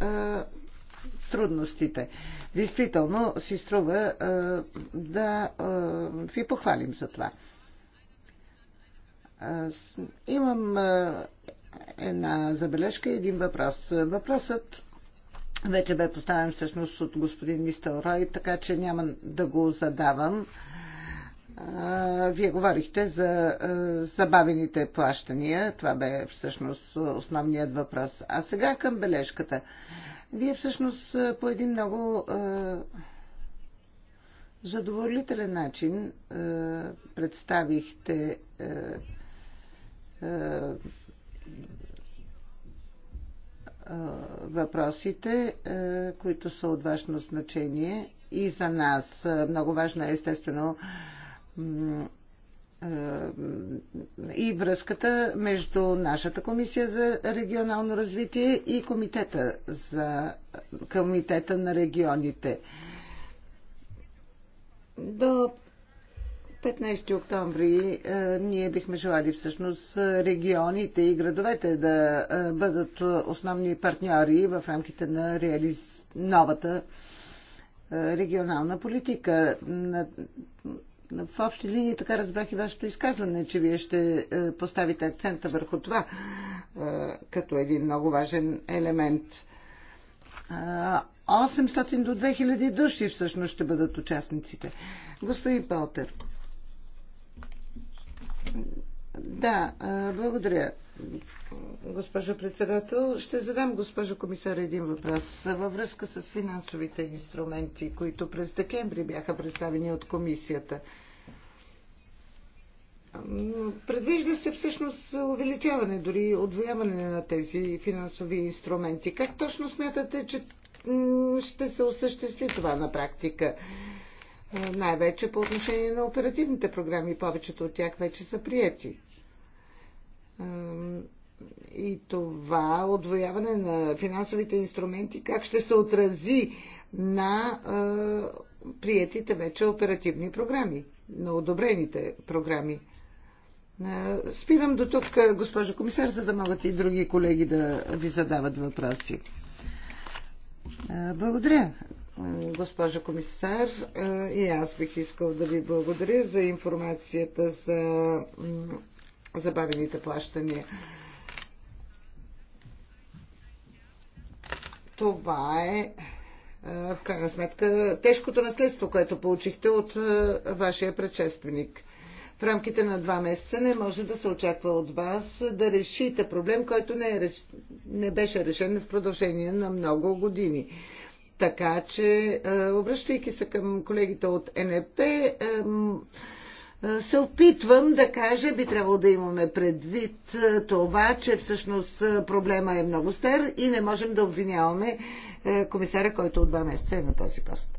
трудностите. Действително си струва е, да е, ви похвалим за това. Е, имам една забележка и един въпрос. Въпросът вече бе поставен всъщност от господин Мистел Рой, така че няма да го задавам. Вие говорихте за забавените плащания. Това бе всъщност основният въпрос. А сега към бележката. Вие всъщност е, по един много е, задоволителен начин е, представихте е, е, е, въпросите, е, които са от важно значение и за нас. Е, много важно е естествено е, и връзката между нашата комисия за регионално развитие и комитета, за, комитета на регионите. До 15 октомври е, ние бихме желали всъщност регионите и градовете да е, бъдат основни партньори в рамките на реализ... новата регионална политика. В общи линии така разбрах и вашето изказване, че вие ще е, поставите акцента върху това е, като един много важен елемент. 800 е, до 2000 души всъщност ще бъдат участниците. Господин Палтер, да, благодаря. Госпожо председател, ще задам госпожо комисар един въпрос във връзка с финансовите инструменти, които през декември бяха представени от комисията. Предвижда се всъщност увеличаване, дори отвояване на тези финансови инструменти. Как точно смятате, че ще се осъществи това на практика? Най-вече по отношение на оперативните програми, повечето от тях вече са прияти и това отвояване на финансовите инструменти как ще се отрази на приятите вече оперативни програми, на одобрените програми. Спирам до тук, госпожо комисар, за да могат и други колеги да ви задават въпроси. Благодаря, госпожо комисар. И аз бих искал да ви благодаря за информацията за забавените плащания. Това е, е в крайна сметка тежкото наследство, което получихте от е, вашия предшественик. В рамките на два месеца не може да се очаква от вас да решите проблем, който не, е, не беше решен в продължение на много години. Така че, е, обръщайки се към колегите от НЕП, се опитвам да кажа, би трябвало да имаме предвид е, това, че всъщност е, проблема е много стар и не можем да обвиняваме е, комисаря, който от два месеца е на този пост.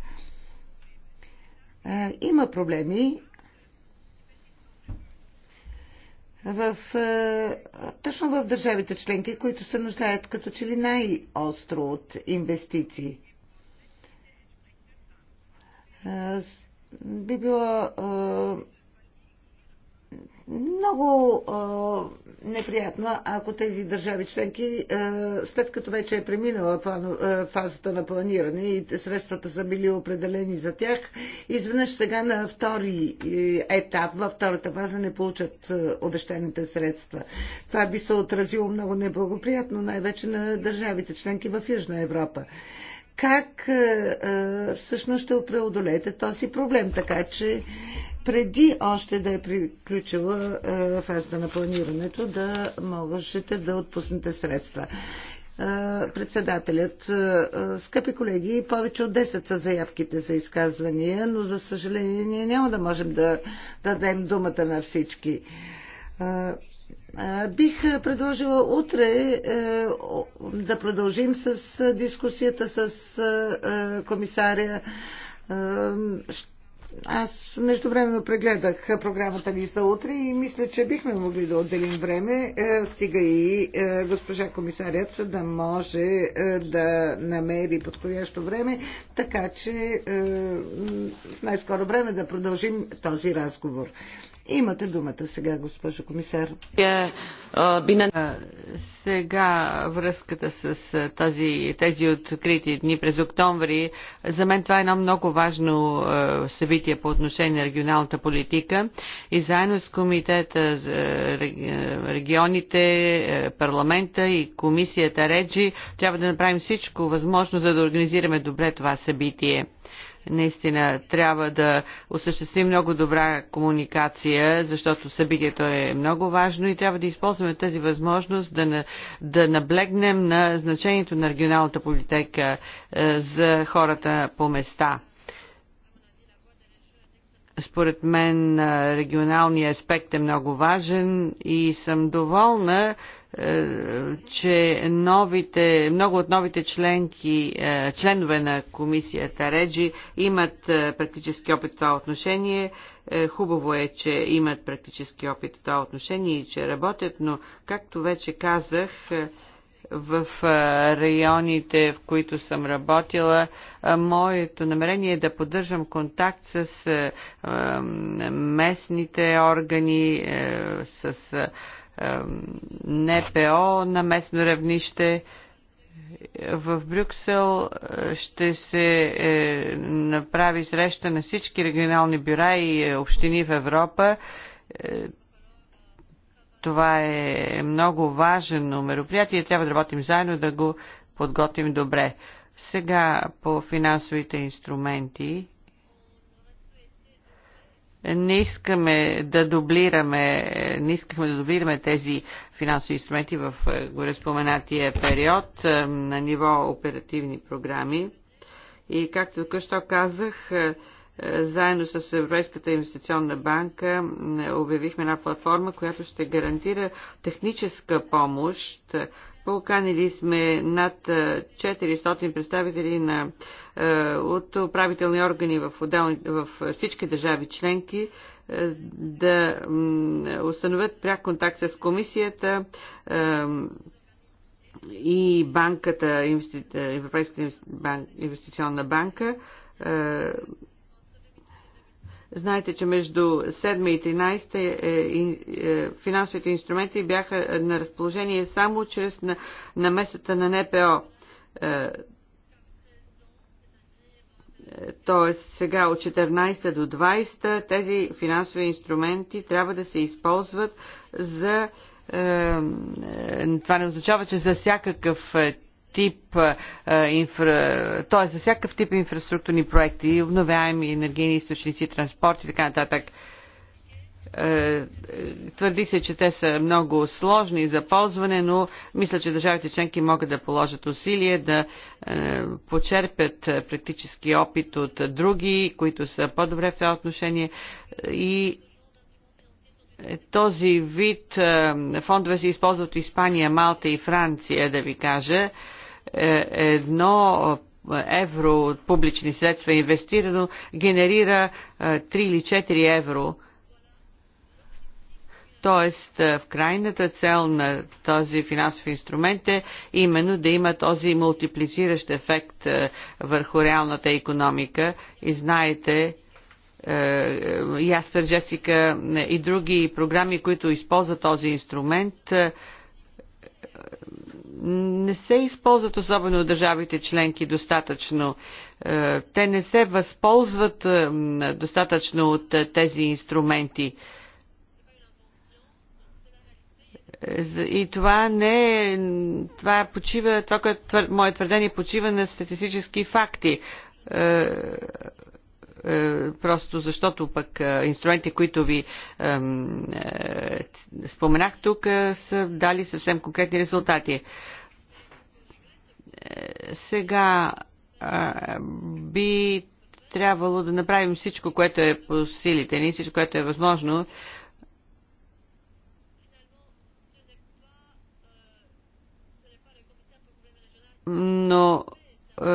Има проблеми в, точно в държавите членки, които се нуждаят като че ли най-остро от инвестиции би било много а, неприятно, ако тези държави членки, а, след като вече е преминала план, а, фазата на планиране и средствата са били определени за тях, изведнъж сега на втори е, етап, във втората фаза не получат а, обещаните средства. Това би се отразило много неблагоприятно, най-вече на държавите членки в Южна Европа как е, е, всъщност ще преодолеете този проблем, така че преди още да е приключила е, фазата на планирането, да можете да отпуснете средства председателят. Скъпи колеги, повече от 10 са заявките за изказвания, но за съжаление ние няма да можем да дадем думата на всички. Бих предложила утре е, да продължим с дискусията с комисаря. Аз междувременно прегледах програмата ни за утре и мисля, че бихме могли да отделим време, е, стига и е, госпожа комисарят да може да намери подходящо време, така че в най-скоро време да продължим този разговор. Имате думата сега, госпожо комисар. Е, сега връзката с тази, тези открити дни през октомври, за мен това е едно много важно събитие по отношение на регионалната политика и заедно с комитета за регионите, парламента и комисията Реджи трябва да направим всичко възможно, за да организираме добре това събитие. Наистина трябва да осъществим много добра комуникация, защото събитието е много важно и трябва да използваме тази възможност да, на, да наблегнем на значението на регионалната политика е, за хората по места според мен е, регионалният аспект е много важен и съм доволна, е, че новите, много от новите членки, е, членове на комисията Реджи имат е, практически опит в това отношение. Хубаво е, че имат практически опит в това отношение и че работят, но, както вече казах, в районите, в които съм работила, моето намерение е да поддържам контакт с местните органи, с НПО на местно равнище. В Брюксел е, ще се е, направи среща на всички регионални бюра и е, общини в Европа. Това е много важно мероприятие. Трябва да работим заедно, да го подготвим добре. Сега по финансовите инструменти не искаме да дублираме, не искахме да дублираме тези финансови инструменти в е, гореспоменатия период е, на ниво оперативни програми. И както тук що казах, е, заедно с Европейската инвестиционна банка обявихме една платформа, която ще гарантира техническа помощ Поканили сме над 400 представители на, от управителни органи в, отделни, в всички държави членки да установят пряк контакт с комисията и банката, Европейската инвестиционна банка Знаете, че между 7 и 13 е, е, е, финансовите инструменти бяха на разположение само чрез намесата на, НПО. Тоест сега от 14 до 20 тези финансови инструменти трябва да се използват за това не означава, че за всякакъв тип, инфра... т.е. за всякакъв тип инфраструктурни проекти, обновяеми енергийни източници, транспорт и така нататък. Твърди се, че те са много сложни за ползване, но мисля, че държавите членки могат да положат усилие да почерпят практически опит от други, които са по-добре в това отношение и този вид фондове се използват в Испания, Малта и Франция, да ви кажа. Е, едно е, евро от публични средства инвестирано генерира 3 е, или 4 евро. Тоест, в крайната цел на този финансов инструмент е именно да има този мултиплициращ ефект върху реалната економика. И знаете, и аз Джесика и други програми, които използват този инструмент, не се използват особено от държавите членки достатъчно. Е, те не се възползват е, достатъчно от е, тези инструменти. И това не е, това почива, това, което твър, мое твърдение почива на статистически факти е, просто защото пък е, инструментите, които ви е, споменах тук, са дали съвсем конкретни резултати. Сега би трябвало да направим всичко, което е по силите ни, всичко, което е възможно, но е,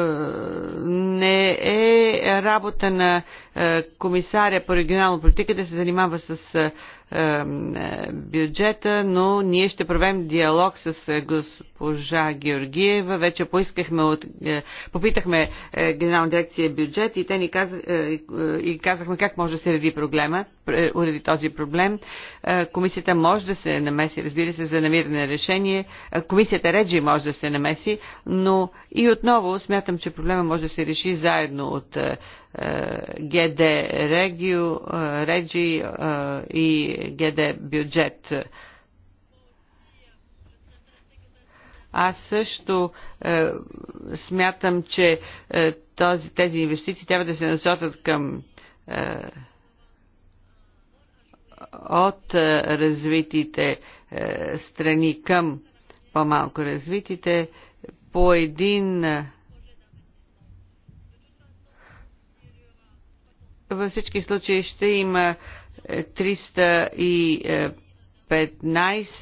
не е работа на е, комисаря по регионална политика да се занимава с е, бюджета, но ние ще проведем диалог с е, госпожа Георгиева. Вече поискахме от, е, попитахме е, Генерална дирекция бюджет и те ни каз, и казахме как може да се реди проблема, уреди този проблем. Комисията може да се намеси, разбира се, за намиране на решение. Комисията Реджи може да се намеси, но и отново смятам, че проблема може да се реши заедно от е, ГД regiju, е, Реджи е, и ГД Бюджет. Аз също е, смятам, че е, този, тези инвестиции трябва да се насочат към е, от е, развитите е, страни към по-малко развитите по един е, Във всички случаи ще има 315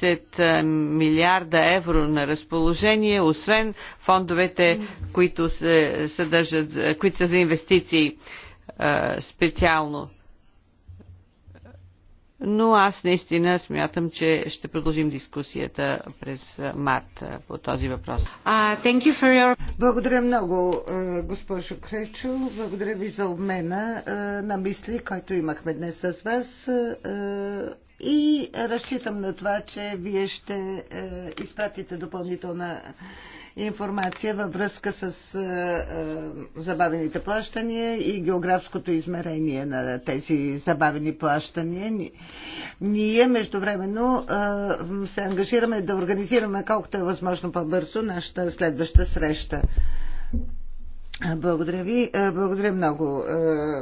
е, е, е, милиарда евро на разположение, освен фондовете, които, се съдържат, които са за инвестиции специално но аз наистина смятам, че ще продължим дискусията през март по този въпрос. Uh, thank you for your... Благодаря много, госпожо Кречо. Благодаря ви за обмена на мисли, който имахме днес с вас. И разчитам на това, че вие ще изпратите допълнителна информация във връзка с е, е, забавените плащания и географското измерение на тези забавени плащания. Ние междувременно е, се ангажираме да организираме колкото е възможно по-бързо нашата следваща среща. Благодаря ви. Благодаря много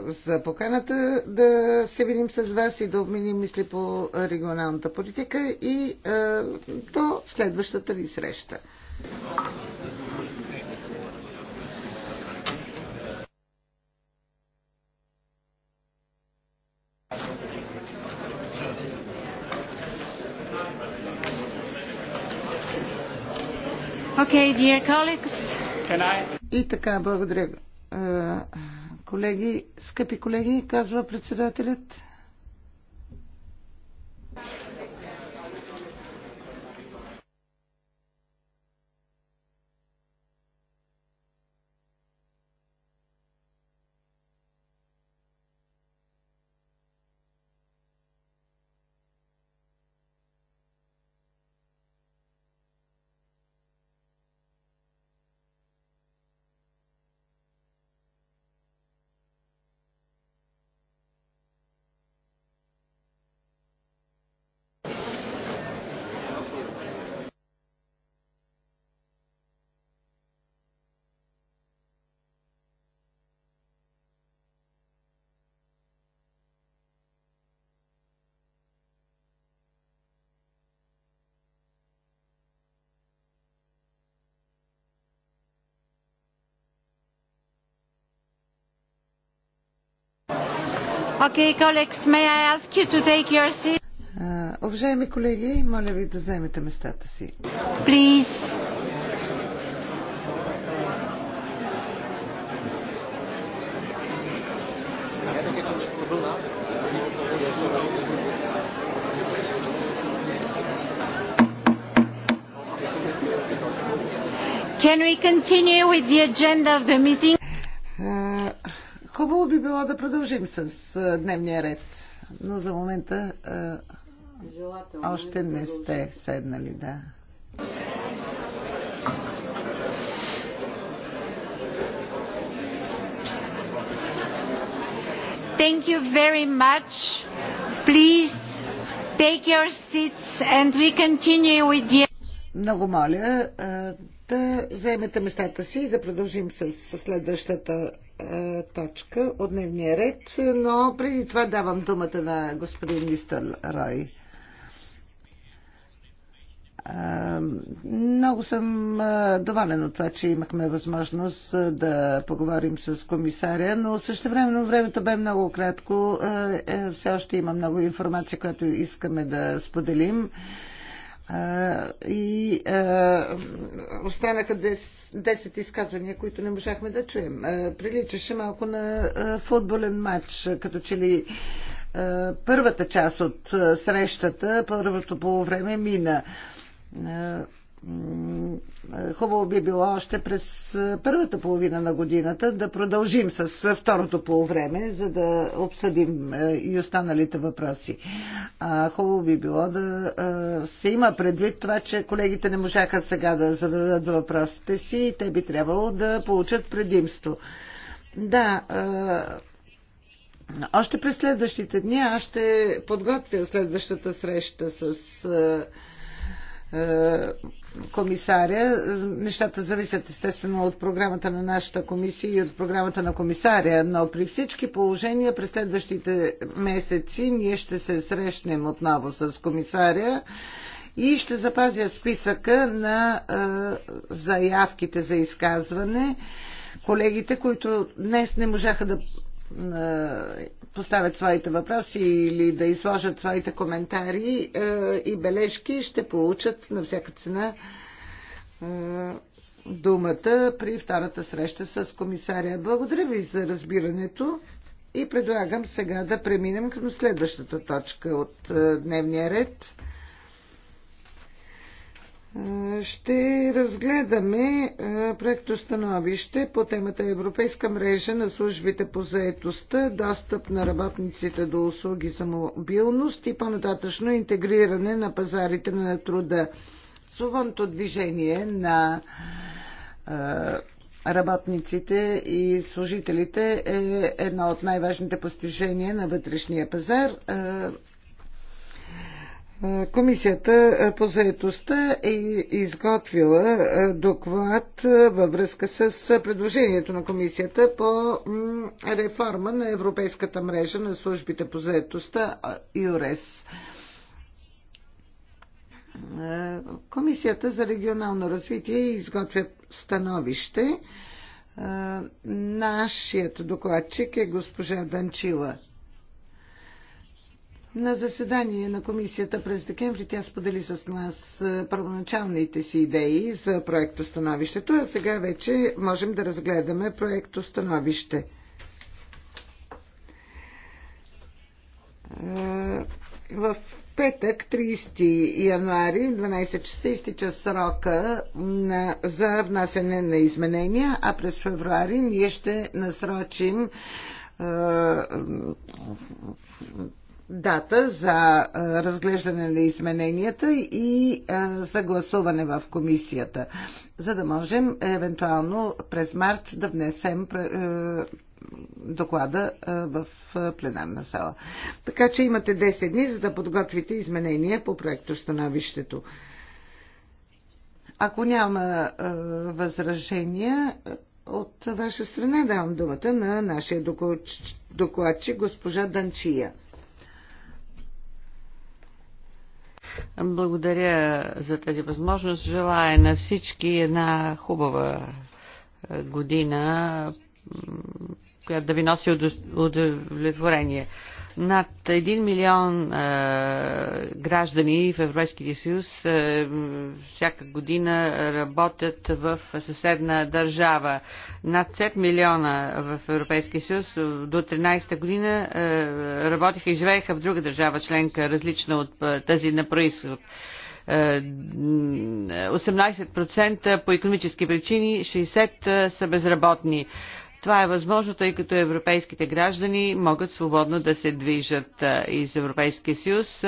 за поканата да се видим с вас и да обменим мисли по регионалната политика и до следващата ви среща. Okay, dear colleagues. Can I... И така, благодаря. Колеги, скъпи колеги, казва председателят. Okay, colleagues, may I ask you to take your seat? Uh, уважаеми колеги, моля ви да вземете местата си. Please. Can we continue with the agenda of the meeting? Хубаво би било да продължим с дневния ред, но за момента Желателно е още не сте седнали, да. Thank you very much. Please take your seats and we continue with the... Много моля, да заемете местата си и да продължим с, с следващата е, точка от дневния ред, но преди това давам думата на господин Мистер Рой. Много съм доволен от това, че имахме възможност да поговорим с комисаря, но също времено времето бе много кратко. Е, все още има много информация, която искаме да споделим и останаха 10 изказвания, които не можахме да чуем. приличаше малко на футболен матч, като че ли първата част от срещата, първото полувреме мина. Хубаво би било още през първата половина на годината да продължим с второто полувреме, за да обсъдим и останалите въпроси. Хубаво би било да се има предвид това, че колегите не можаха сега да зададат въпросите си и те би трябвало да получат предимство. Да, още през следващите дни аз ще подготвя следващата среща с комисаря. Нещата зависят естествено от програмата на нашата комисия и от програмата на комисаря, но при всички положения през следващите месеци ние ще се срещнем отново с комисаря и ще запазя списъка на заявките за изказване. Колегите, които днес не можаха да е, поставят своите въпроси или да изложат своите коментари е, и бележки, ще получат на всяка цена е, думата при втората среща с комисаря. Благодаря ви за разбирането и предлагам сега да преминем към следващата точка от дневния ред. Ще разгледаме становище по темата Европейска мрежа на службите по заетостта, достъп на работниците до услуги за мобилност и по-нататъчно интегриране на пазарите на труда. Свободното движение на работниците и служителите е едно от най-важните постижения на вътрешния пазар. Е, комисията е, по заедостта е изготвила е, доклад във връзка с предложението на Комисията по реформа на Европейската мрежа на службите по заедостта ЮРЕС. Комисията за регионално развитие изготвя становище. Нашият докладчик е госпожа Данчила на заседание на комисията през декември тя сподели с нас първоначалните си идеи за проектостановището, а сега вече можем да разгледаме проектостановище. В петък, 30 януари, 12 часа изтича срока на, за внасене на изменения, а през февруари ние ще насрочим е, дата за разглеждане на измененията и за гласуване в комисията, за да можем евентуално през март да внесем доклада в пленарна сала. Така че имате 10 дни, за да подготвите изменения по проекто становището. Ако няма възражения, от ваша страна давам думата на нашия докладчик, госпожа Данчия. Благодаря за тази възможност. Желая на всички една хубава е, година, която да ви носи удовлетворение. Над 1 милион е, граждани в Европейския съюз е, всяка година работят в съседна държава. Над 7 милиона в Европейския съюз до 13-та година е, работиха и живееха в друга държава членка, различна от е, тази на происход. 18% е, по економически причини, 60% е, са безработни. Това е възможно, тъй като европейските граждани могат свободно да се движат из Европейския съюз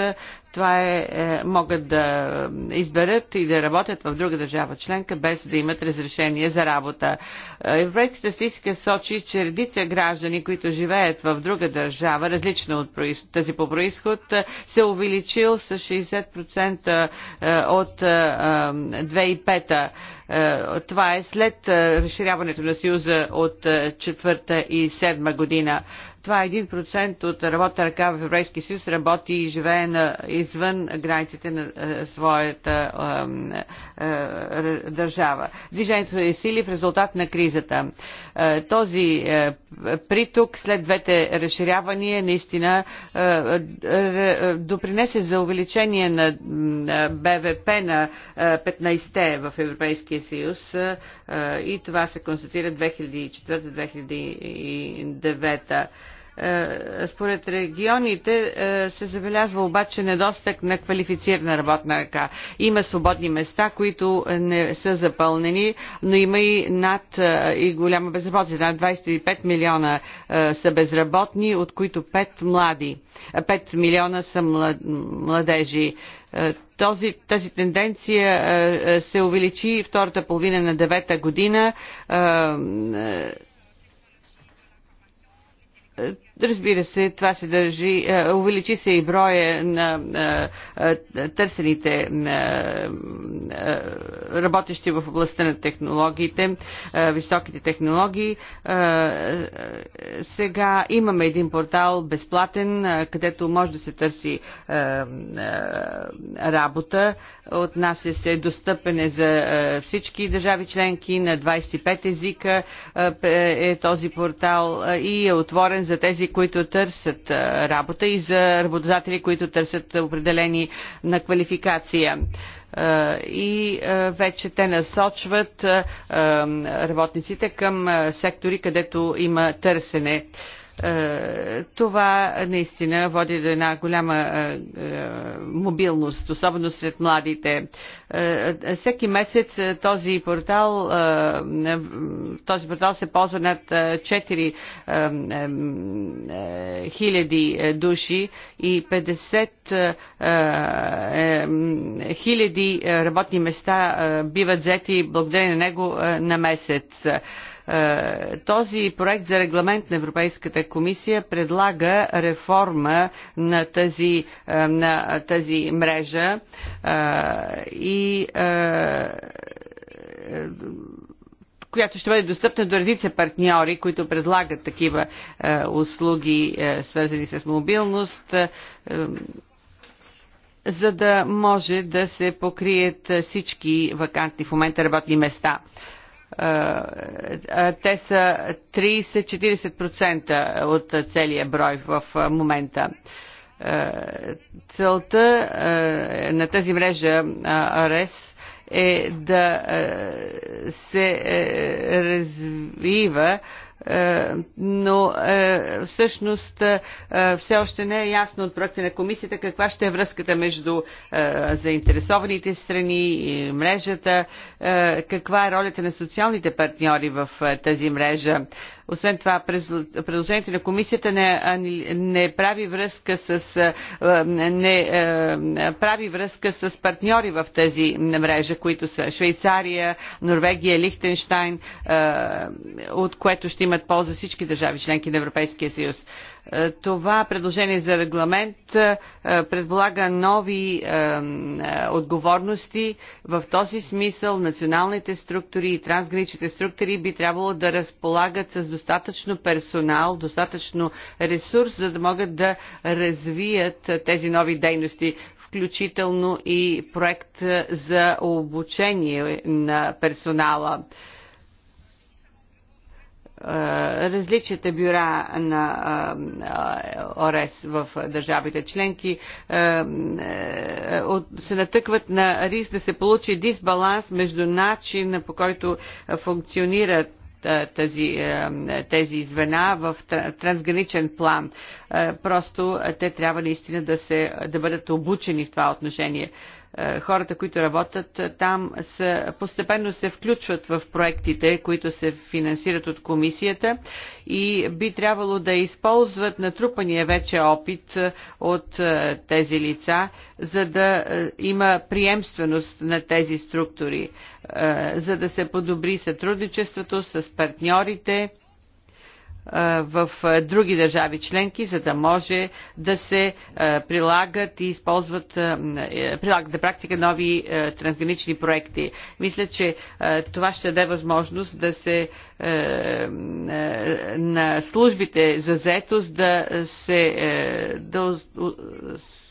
това е, е, могат да изберат и да работят в друга държава членка, без да имат разрешение за работа. Европейската статистика сочи, че редица граждани, които живеят в друга държава, различна от тази по происход, се увеличил с 60% е, от 2005 е, това е след разширяването на Съюза от четвърта и седма година. Това е 1% от работа ръка в Европейския съюз работи и живее на, извън границите на е, своята е, е, държава. Движението е сили в резултат на кризата. Е, този е, приток след двете разширявания наистина е, е, е допринесе за увеличение на БВП на 15-те е, в Европейския съюз е, е, и това се констатира 2004-2009 е, според регионите е, се забелязва обаче недостъг на квалифицирана работна ръка. Има свободни места, които не са запълнени, но има и над е, и голяма безработица. Над 25 милиона са безработни, от които 5 млади. 5 милиона са младежи този, тази тенденция се увеличи втората половина на девета година. Е, разбира се, това се държи, е, увеличи се и броя на е, търсените работещи в областта на технологиите, високите технологии. Сега имаме един портал безплатен, където може да се търси работа. От нас е се достъпен за всички държави членки на 25 езика е този портал и е отворен за тези, които търсят работа и за работодатели, които търсят определени на квалификация и вече те насочват работниците към сектори, където има търсене е, това наистина води до една голяма е, е, мобилност, особено сред младите. Всеки месец този портал, този портал се ползва над 4 хиляди души и 50 хиляди работни места биват взети благодарение на него на месец. Е, този проект за регламент на Европейската комисия предлага реформа на тази, е, на тази мрежа е, и която ще бъде достъпна до редица партньори, които предлагат такива е, услуги, е, свързани с мобилност, е, за да може да се покрият всички вакантни в момента работни места. Те са 30-40% от целия брой в момента. Целта на тази мрежа АРЕС е да се развива е, но е, всъщност е, все още не е ясно от проекта на комисията каква ще е връзката между заинтересованите страни и мрежата, каква е ролята на социалните партньори в тази мрежа освен това, предложението на комисията не, не прави връзка с не прави връзка с партньори в тези мрежа, които са Швейцария, Норвегия, Лихтенштайн, от което ще имат полза всички държави членки на Европейския съюз. Е, това предложение за регламент е, предполага нови е, отговорности. В този смисъл националните структури и трансграничните структури би трябвало да разполагат с достатъчно персонал, достатъчно ресурс, за да могат да развият тези нови дейности включително и проект за обучение на персонала. Е, различните бюра на е, е, ОРЕС в държавите членки се натъкват на риск да се получи дисбаланс между начина по който функционират тази, тези звена в трансграничен план. Просто те трябва наистина да, се, да бъдат обучени в това отношение. Е, хората, които работят е, там, са, постепенно се включват в проектите, които се финансират от комисията и би трябвало да използват натрупания вече опит е, от тези лица, за да има приемственост на тези структури, за да се подобри сътрудничеството с партньорите, в други държави членки, за да може да се прилагат и използват, е, прилагат на практика нови трансгранични проекти. Мисля, че това ще даде възможност да се е, на службите за заетост да се е, да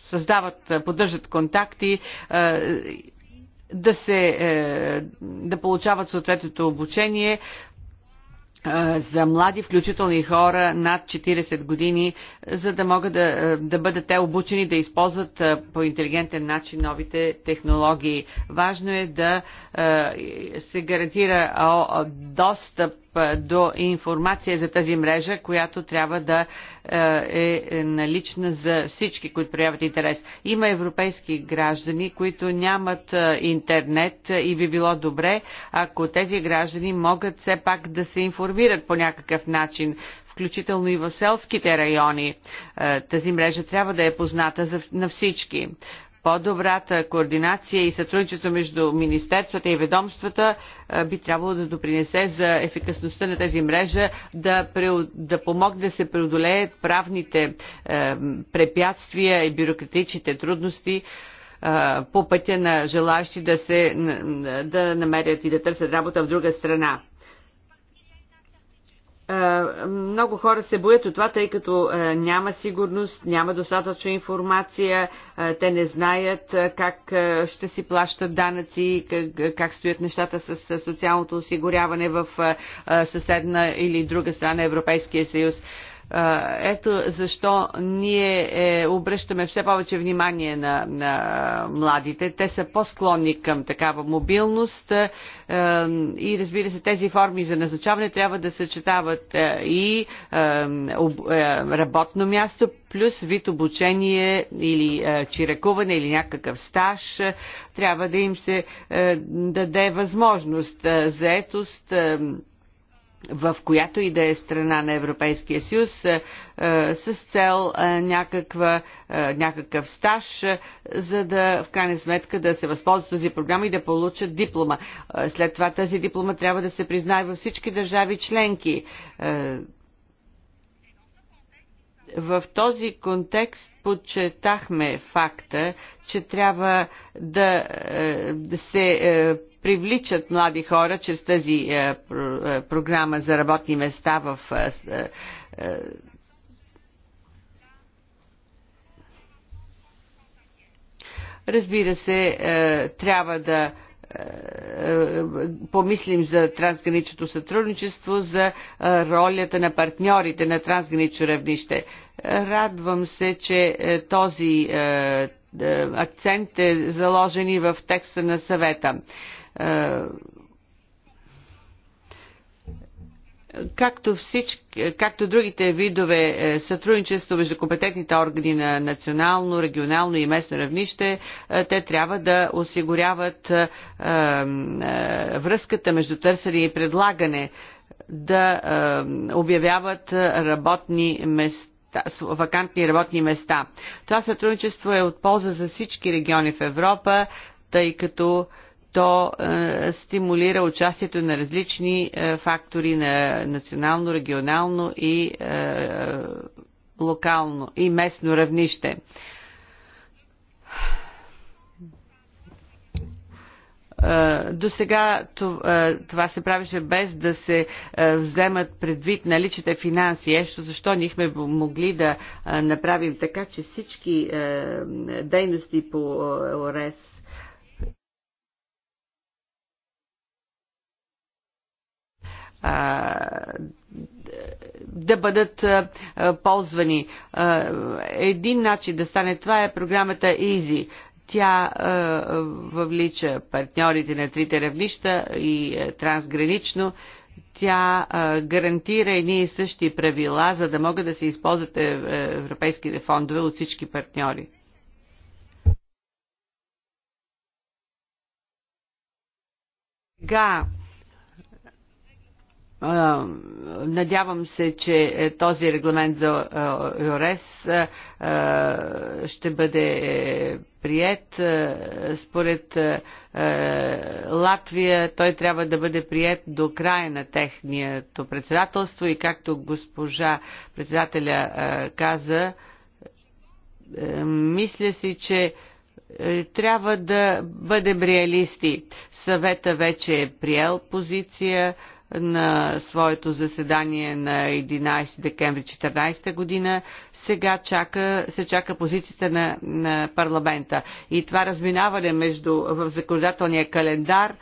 създават, поддържат контакти да се да получават съответното обучение, за млади, включително и хора над 40 години, за да могат да, да бъдат те обучени да използват по интелигентен начин новите технологии. Важно е да се гарантира достъп до информация за тази мрежа, която трябва да е, е налична за всички, които проявят интерес. Има европейски граждани, които нямат интернет и би било добре, ако тези граждани могат все пак да се информират по някакъв начин, включително и в селските райони. Тази мрежа трябва да е позната на всички. По-добрата координация и сътрудничество между министерствата и ведомствата би трябвало да допринесе за ефикасността на тази мрежа, да, да помогне да се преодолеят правните е, препятствия и бюрократичните трудности по пътя на желащи да, се, да намерят и да търсят работа в друга страна. Много хора се боят от това, тъй като няма сигурност, няма достатъчно информация, те не знаят как ще си плащат данъци, как стоят нещата с социалното осигуряване в съседна или друга страна Европейския съюз. Ето защо ние е, обръщаме все повече внимание на, на младите. Те са по-склонни към такава мобилност и разбира се, тези форми за назначаване трябва да съчетават и работно място, плюс вид обучение или чиракуване или някакъв стаж, трябва да им се даде възможност за етост, в която и да е страна на Европейския съюз е, е, с цел е, някаква, някакъв стаж, за да в крайна сметка да се възползват този програма и да получат диплома. След това тази диплома трябва да се признае във всички държави членки. В този контекст подчертахме факта, че трябва да, да се привличат млади хора чрез тази е, е, програма за работни места в е, Разбира се, трябва да помислим за трансграничното сътрудничество, за ролята на партньорите на трансгранично равнище. Радвам се, че този акцент е заложен и в текста на съвета. Е, както, всички, както другите видове е, сътрудничество между компетентните органи на национално, регионално и местно равнище, е, те трябва да осигуряват връзката между търсене и предлагане, да обявяват работни места вакантни работни места. Това сътрудничество е от полза за всички региони в Европа, тъй като то е, стимулира участието на различни е, фактори на национално, регионално и е, локално и местно равнище. До сега това се правеше без да се вземат предвид наличите финанси. Ещо защо нихме могли да направим така, че всички дейности по ОРС. да бъдат ползвани. Един начин да стане това е програмата EASY. Тя е, въвлича партньорите на трите равнища и е, трансгранично тя а, гарантира едни и същи правила, за да могат да се използват е, европейските фондове от всички партньори. Сега Надявам се, че е, този регламент за е, ЮРЕС е, ще бъде прият. Според Латвия той трябва да бъде прият до края на технието председателство и както госпожа председателя каза, мисля си, че трябва да бъдем реалисти. Съвета вече е приел позиция, на своето заседание на 11 декември 2014 година. Сега чака, се чака позицията на, на парламента. И това разминаване между, в законодателния календар е,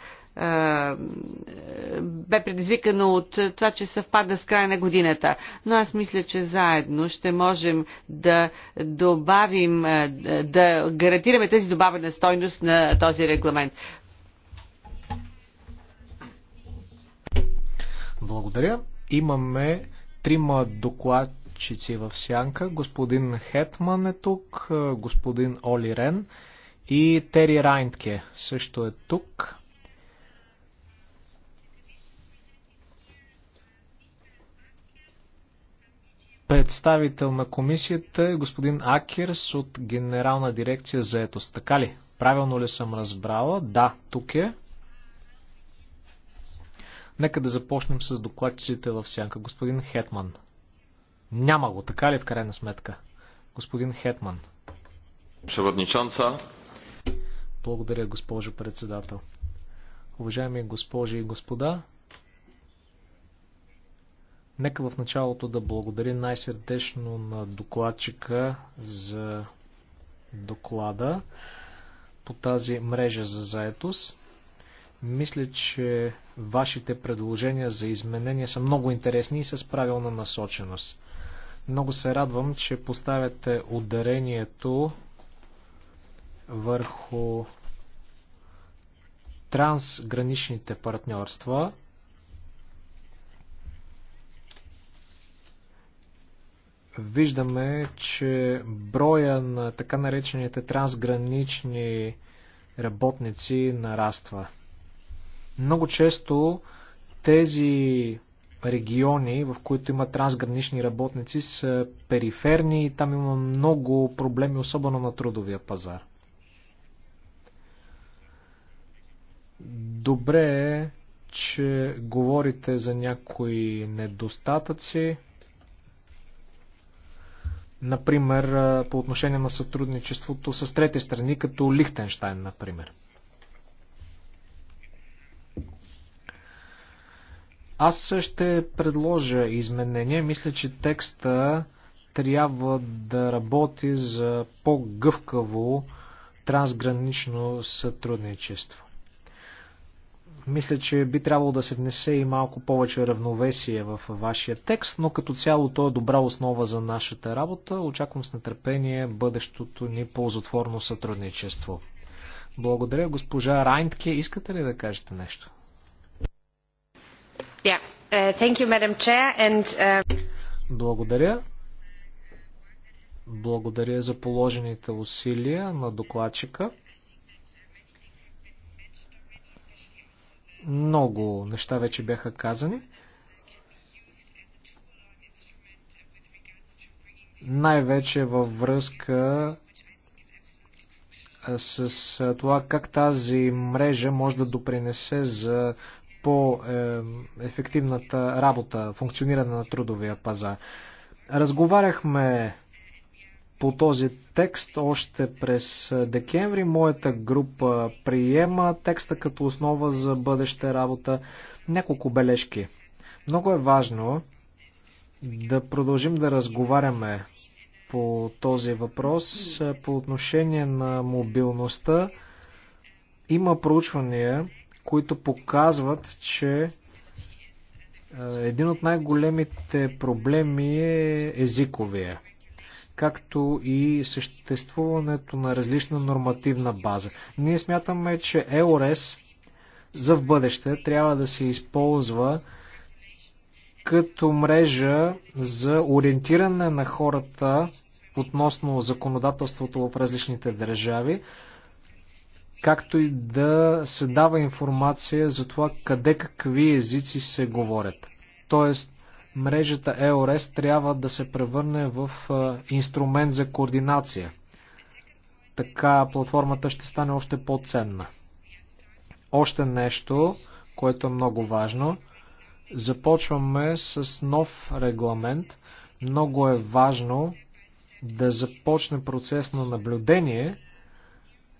бе предизвикано от това, че съвпада с края на годината. Но аз мисля, че заедно ще можем да добавим, е, да гарантираме тази добавена стойност на този регламент. Благодаря. Имаме трима докладчици в сянка. Господин Хетман е тук, господин Оли Рен и Тери Райнтке също е тук. Представител на комисията е господин Акерс от Генерална дирекция за етост. Така ли? Правилно ли съм разбрала? Да, тук е. Нека да започнем с докладчиците в сянка. Господин Хетман. Няма го, така ли в крайна сметка? Господин Хетман. Преводничанца. Благодаря, госпожо председател. Уважаеми госпожи и господа, нека в началото да благодаря най-сърдечно на докладчика за доклада по тази мрежа за заетост. Мисля, че вашите предложения за изменения са много интересни и с правилна насоченост. Много се радвам, че поставяте ударението върху трансграничните партньорства. Виждаме, че броя на така наречените трансгранични работници нараства. Много често тези региони, в които има трансгранични работници, са периферни и там има много проблеми, особено на трудовия пазар. Добре е, че говорите за някои недостатъци. Например, по отношение на сътрудничеството с трети страни, като Лихтенштайн, например. Аз ще предложа изменения. Мисля, че текста трябва да работи за по-гъвкаво трансгранично сътрудничество. Мисля, че би трябвало да се внесе и малко повече равновесие в вашия текст, но като цяло то е добра основа за нашата работа. Очаквам с нетърпение бъдещото ни ползотворно сътрудничество. Благодаря, госпожа Райнтке. Искате ли да кажете нещо? Uh, uh, Благодаря. Благодаря за положените усилия на докладчика. Много неща вече бяха казани. Най-вече във връзка с това как тази мрежа може да допринесе за по-ефективната работа, функциониране на трудовия пазар. Разговаряхме по този текст още през декември. Моята група приема текста като основа за бъдеща работа. Няколко бележки. Много е важно да продължим да разговаряме по този въпрос. По отношение на мобилността има проучвания, които показват, че е, един от най-големите проблеми е езиковия, както и съществуването на различна нормативна база. Ние смятаме, че ЕОРЕС за в бъдеще трябва да се използва като мрежа за ориентиране на хората относно законодателството в различните държави, както и да се дава информация за това къде какви езици се говорят. Тоест, мрежата EORES трябва да се превърне в инструмент за координация. Така платформата ще стане още по-ценна. Още нещо, което е много важно. Започваме с нов регламент. Много е важно да започне процес на наблюдение –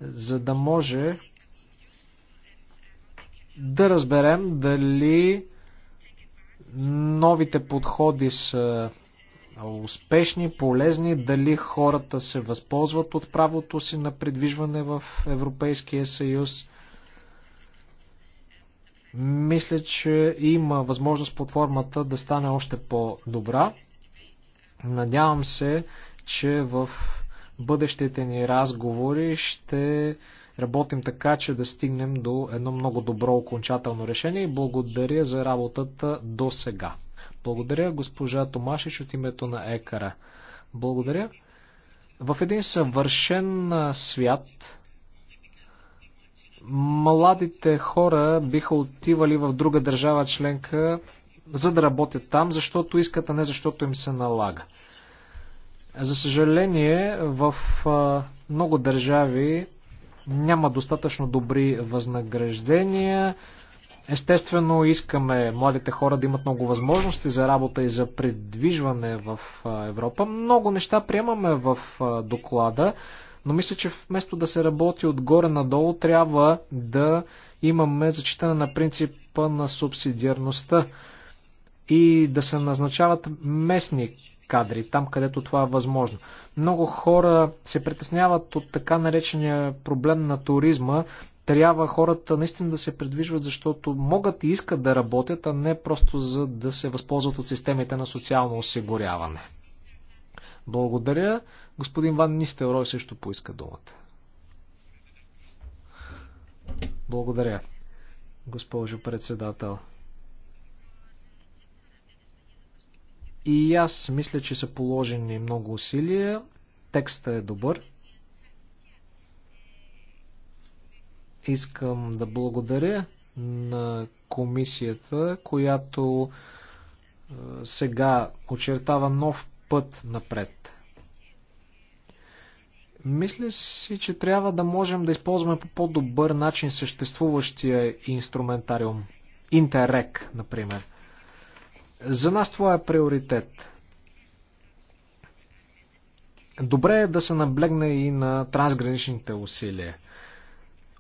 за да може да разберем дали новите подходи са успешни, полезни, дали хората се възползват от правото си на придвижване в Европейския съюз. Мисля, че има възможност платформата да стане още по-добра. Надявам се, че в бъдещите ни разговори ще работим така, че да стигнем до едно много добро окончателно решение и благодаря за работата до сега. Благодаря госпожа Томашич от името на ЕКАРА. Благодаря. В един съвършен свят младите хора биха отивали в друга държава членка, за да работят там, защото искат, а не защото им се налага. За съжаление, в много държави няма достатъчно добри възнаграждения. Естествено, искаме младите хора да имат много възможности за работа и за придвижване в Европа. Много неща приемаме в доклада, но мисля, че вместо да се работи отгоре надолу, трябва да имаме зачитане на принципа на субсидиарността и да се назначават местни кадри, там където това е възможно. Много хора се притесняват от така наречения проблем на туризма. Трябва хората наистина да се предвижват, защото могат и искат да работят, а не просто за да се възползват от системите на социално осигуряване. Благодаря. Господин Ван Нистелрой също поиска думата. Благодаря, госпожо председател. И аз мисля, че са положени много усилия. Текста е добър. Искам да благодаря на комисията, която е, сега очертава нов път напред. Мисля си, че трябва да можем да използваме по по-добър начин съществуващия инструментариум. Интерек, например. За нас това е приоритет. Добре е да се наблегне и на трансграничните усилия.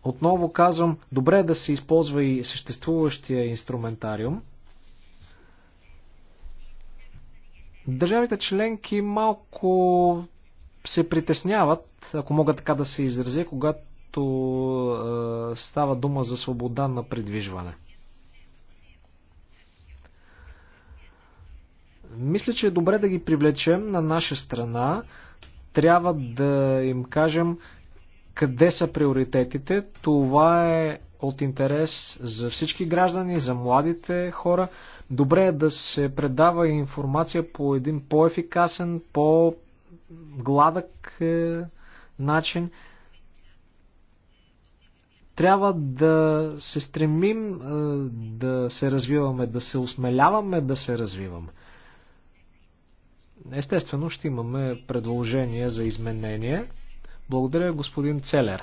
Отново казвам, добре е да се използва и съществуващия инструментариум. Държавите членки малко се притесняват, ако мога така да се изразя, когато е, става дума за свобода на придвижване. Мисля, че е добре да ги привлечем на наша страна. Трябва да им кажем къде са приоритетите. Това е от интерес за всички граждани, за младите хора. Добре е да се предава информация по един по-ефикасен, по-гладък е, начин. Трябва да се стремим е, да се развиваме, да се осмеляваме да се развиваме. Естествено ще имаме предложения за изменение. Благодаря господин Целер.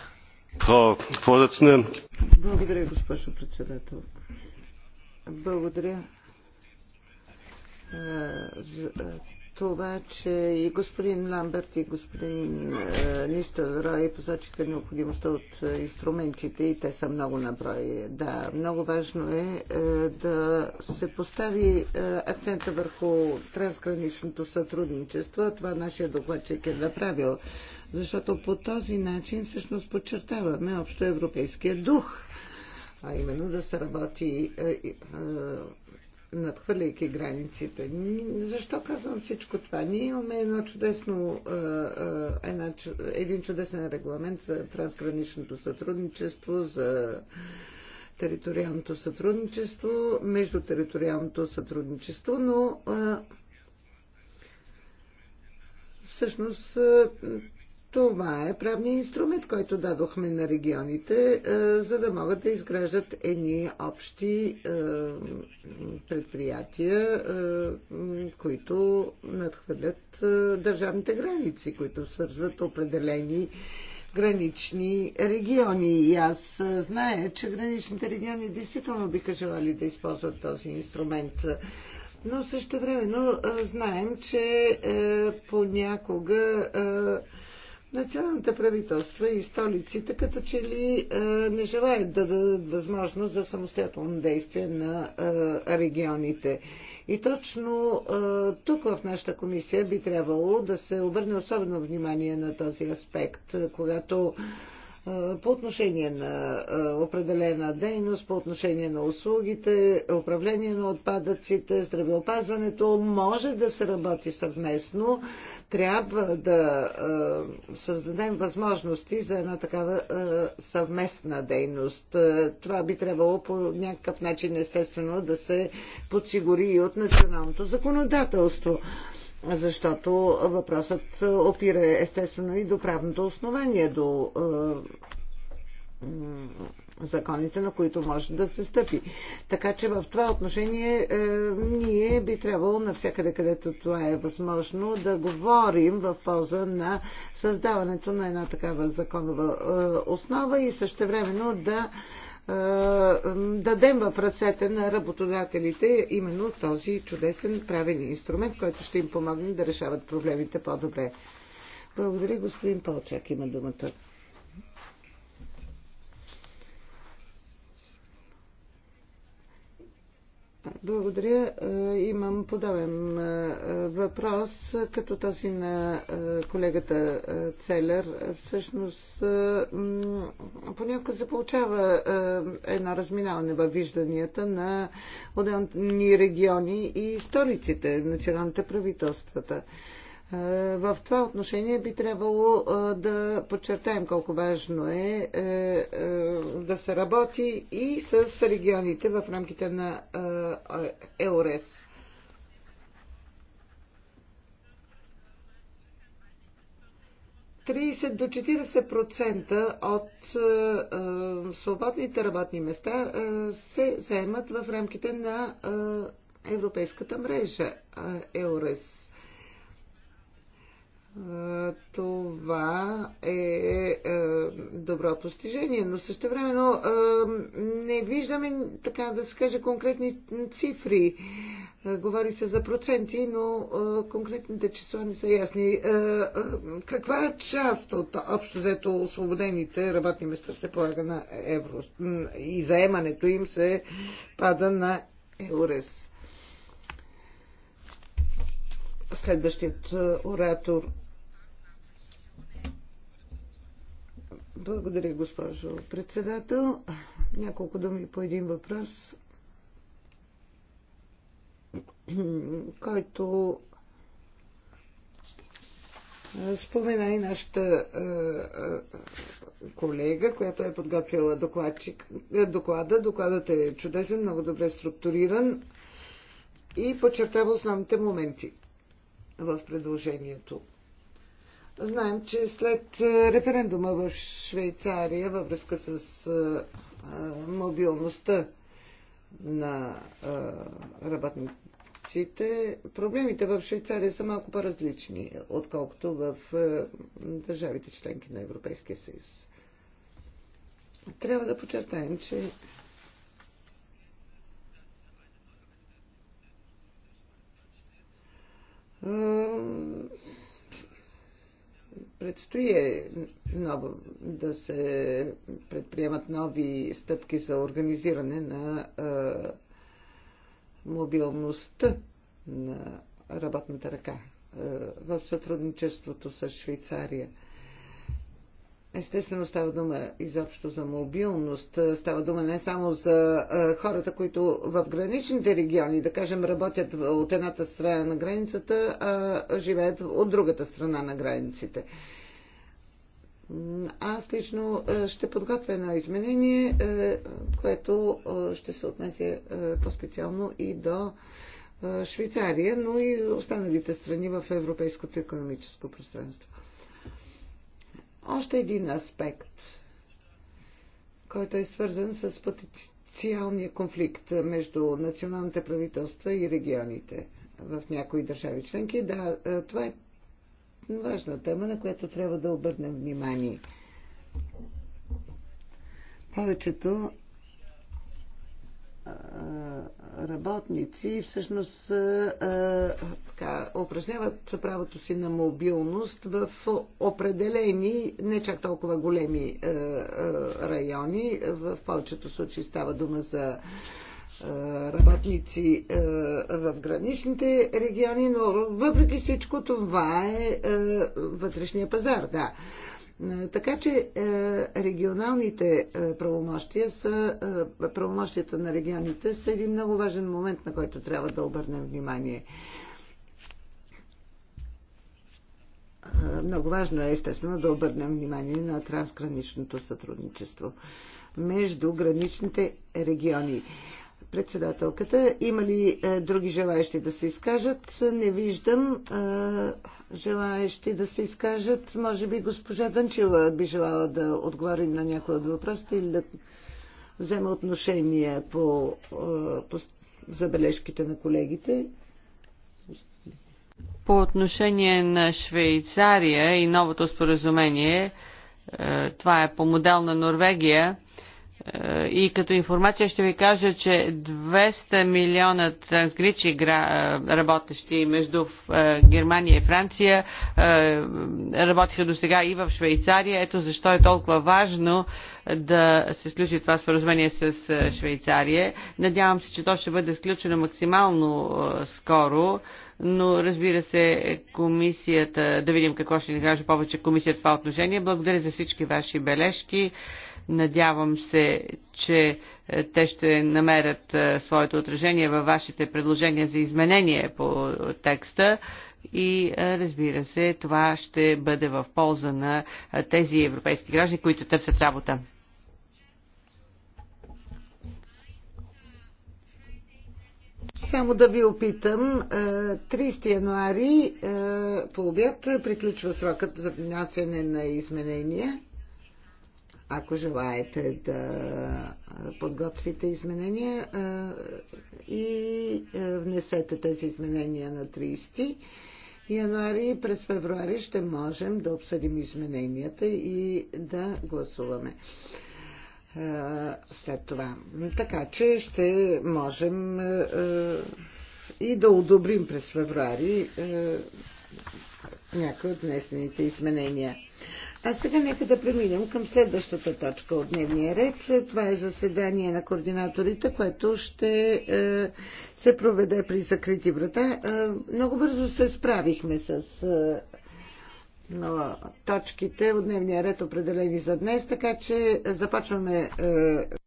Благодаря, госпожо председател. Благодаря това, че и господин Ламберт и господин Нистер е, Рой посочиха необходимостта от е, инструментите и те са много наброи. Да, много важно е, е да се постави акцента върху трансграничното сътрудничество. Това нашия докладчик е направил, защото по този начин всъщност подчертаваме общо европейския дух а именно да се работи надхвърляйки границите. Защо казвам всичко това? Ние имаме едно чудесно, една, един чудесен регламент за трансграничното сътрудничество, за териториалното сътрудничество, междутериториалното сътрудничество, но всъщност това е правният инструмент, който дадохме на регионите, е, за да могат да изграждат едни общи е, предприятия, е, които надхвърлят държавните граници, които свързват определени гранични региони. И аз знае, че граничните региони действително биха желали да използват този инструмент. Но също времено знаем, че понякога Националните правителства и столиците като че ли е, не желаят да дадат възможност за самостоятелно действие на е, регионите. И точно е, тук в нашата комисия би трябвало да се обърне особено внимание на този аспект, когато по отношение на определена дейност, по отношение на услугите, управление на отпадъците, здравеопазването, може да се работи съвместно. Трябва да създадем възможности за една такава съвместна дейност. Това би трябвало по някакъв начин естествено да се подсигури и от националното законодателство защото въпросът опира естествено и до правното основание, до е, законите, на които може да се стъпи. Така че в това отношение е, ние би трябвало навсякъде, където това е възможно, да говорим в полза на създаването на една такава законова е, основа и същевременно да е, дадем в ръцете на работодателите именно този чудесен правен инструмент, който ще им помогне да решават проблемите по-добре. Благодаря, господин Полчак има думата. Благодаря. Е, имам подобен е, въпрос, като този на е, колегата Целер. Всъщност, понякога се получава едно разминаване във вижданията на отделни региони и столиците, националните правителствата. В това отношение би трябвало да подчертаем колко важно е, е, е да се работи и с регионите в рамките на е, ЕОРЕС. до 40% от свободните работни места се заемат в рамките на европейската мрежа ЕОРЕС това е, е добро постижение, но също времено не виждаме, така да се каже, конкретни цифри. Говори се за проценти, но конкретните числа не са ясни. Каква е част от общо взето освободените работни места се полага на евро и заемането им се пада на Еурес? Следващият е, оратор. Благодаря, госпожо председател. Няколко думи по един въпрос, който е, спомена и нашата е, колега, която е подготвила докладчик, доклада. Докладът е чудесен, много добре структуриран и подчертава основните моменти в предложението. Знаем, че след е, референдума в Швейцария във връзка с е, е, мобилността на работниците, проблемите в Швейцария са малко по-различни, отколкото в държавите членки на Европейския съюз. Трябва да подчертаем, че предстои е ново, да се предприемат нови стъпки за организиране на е, мобилността на работната ръка е, в сътрудничеството с Швейцария. Естествено става дума изобщо за мобилност, става дума не само за хората, които в граничните региони, да кажем, работят от едната страна на границата, а живеят от другата страна на границите. Аз лично ще подготвя едно изменение, което ще се отнесе по-специално и до Швейцария, но и останалите страни в Европейското економическо пространство. Още един аспект, който е свързан с потенциалния конфликт между националните правителства и регионите в някои държави членки. Да, е, това е важна тема, на която трябва да обърнем внимание. Повечето работници всъщност така, упражняват правото си на мобилност в определени, не чак толкова големи райони. В повечето случаи става дума за работници в граничните региони, но въпреки всичко това е вътрешния пазар, да. Е, така че е, регионалните е, правомощия са, правомощията на регионите са един много важен момент, на който трябва да обърнем внимание. Много важно е, естествено, да обърнем внимание на трансграничното сътрудничество между граничните региони. Председателката, има ли е, други желаящи да се изкажат? Не виждам е, желаящи да се изкажат. Може би госпожа Дънчева би желала да отговори на някои от въпросите или да вземе отношение по, е, по забележките на колегите. По отношение на Швейцария и новото споразумение, е, това е по модел на Норвегия – и като информация ще ви кажа, че 200 милиона трансгрични е, работещи между е, Германия и Франция е, работиха до сега и в Швейцария. Ето защо е толкова важно да се сключи това споразумение с Швейцария. Надявам се, че то ще бъде сключено максимално скоро но разбира се, комисията, да видим какво ще ни каже повече комисията в това отношение. Благодаря за всички ваши бележки. Надявам се, че е, те ще намерят е, своето отражение във вашите предложения за изменение по текста и е, разбира се, това ще бъде в полза на тези европейски граждани, които търсят работа. Само да ви опитам, 30 януари по обяд приключва срокът за внасяне на изменения ако желаете да подготвите изменения и внесете тези изменения на 30 януари и през февруари ще можем да обсъдим измененията и да гласуваме след това. Така че ще можем и да одобрим през февруари някои от внесените изменения. А сега нека да преминем към следващата точка от дневния ред. Това е заседание на координаторите, което ще е, се проведе при закрити врата. Е, много бързо се справихме с е, точките от дневния ред, определени за днес, така че започваме. Е,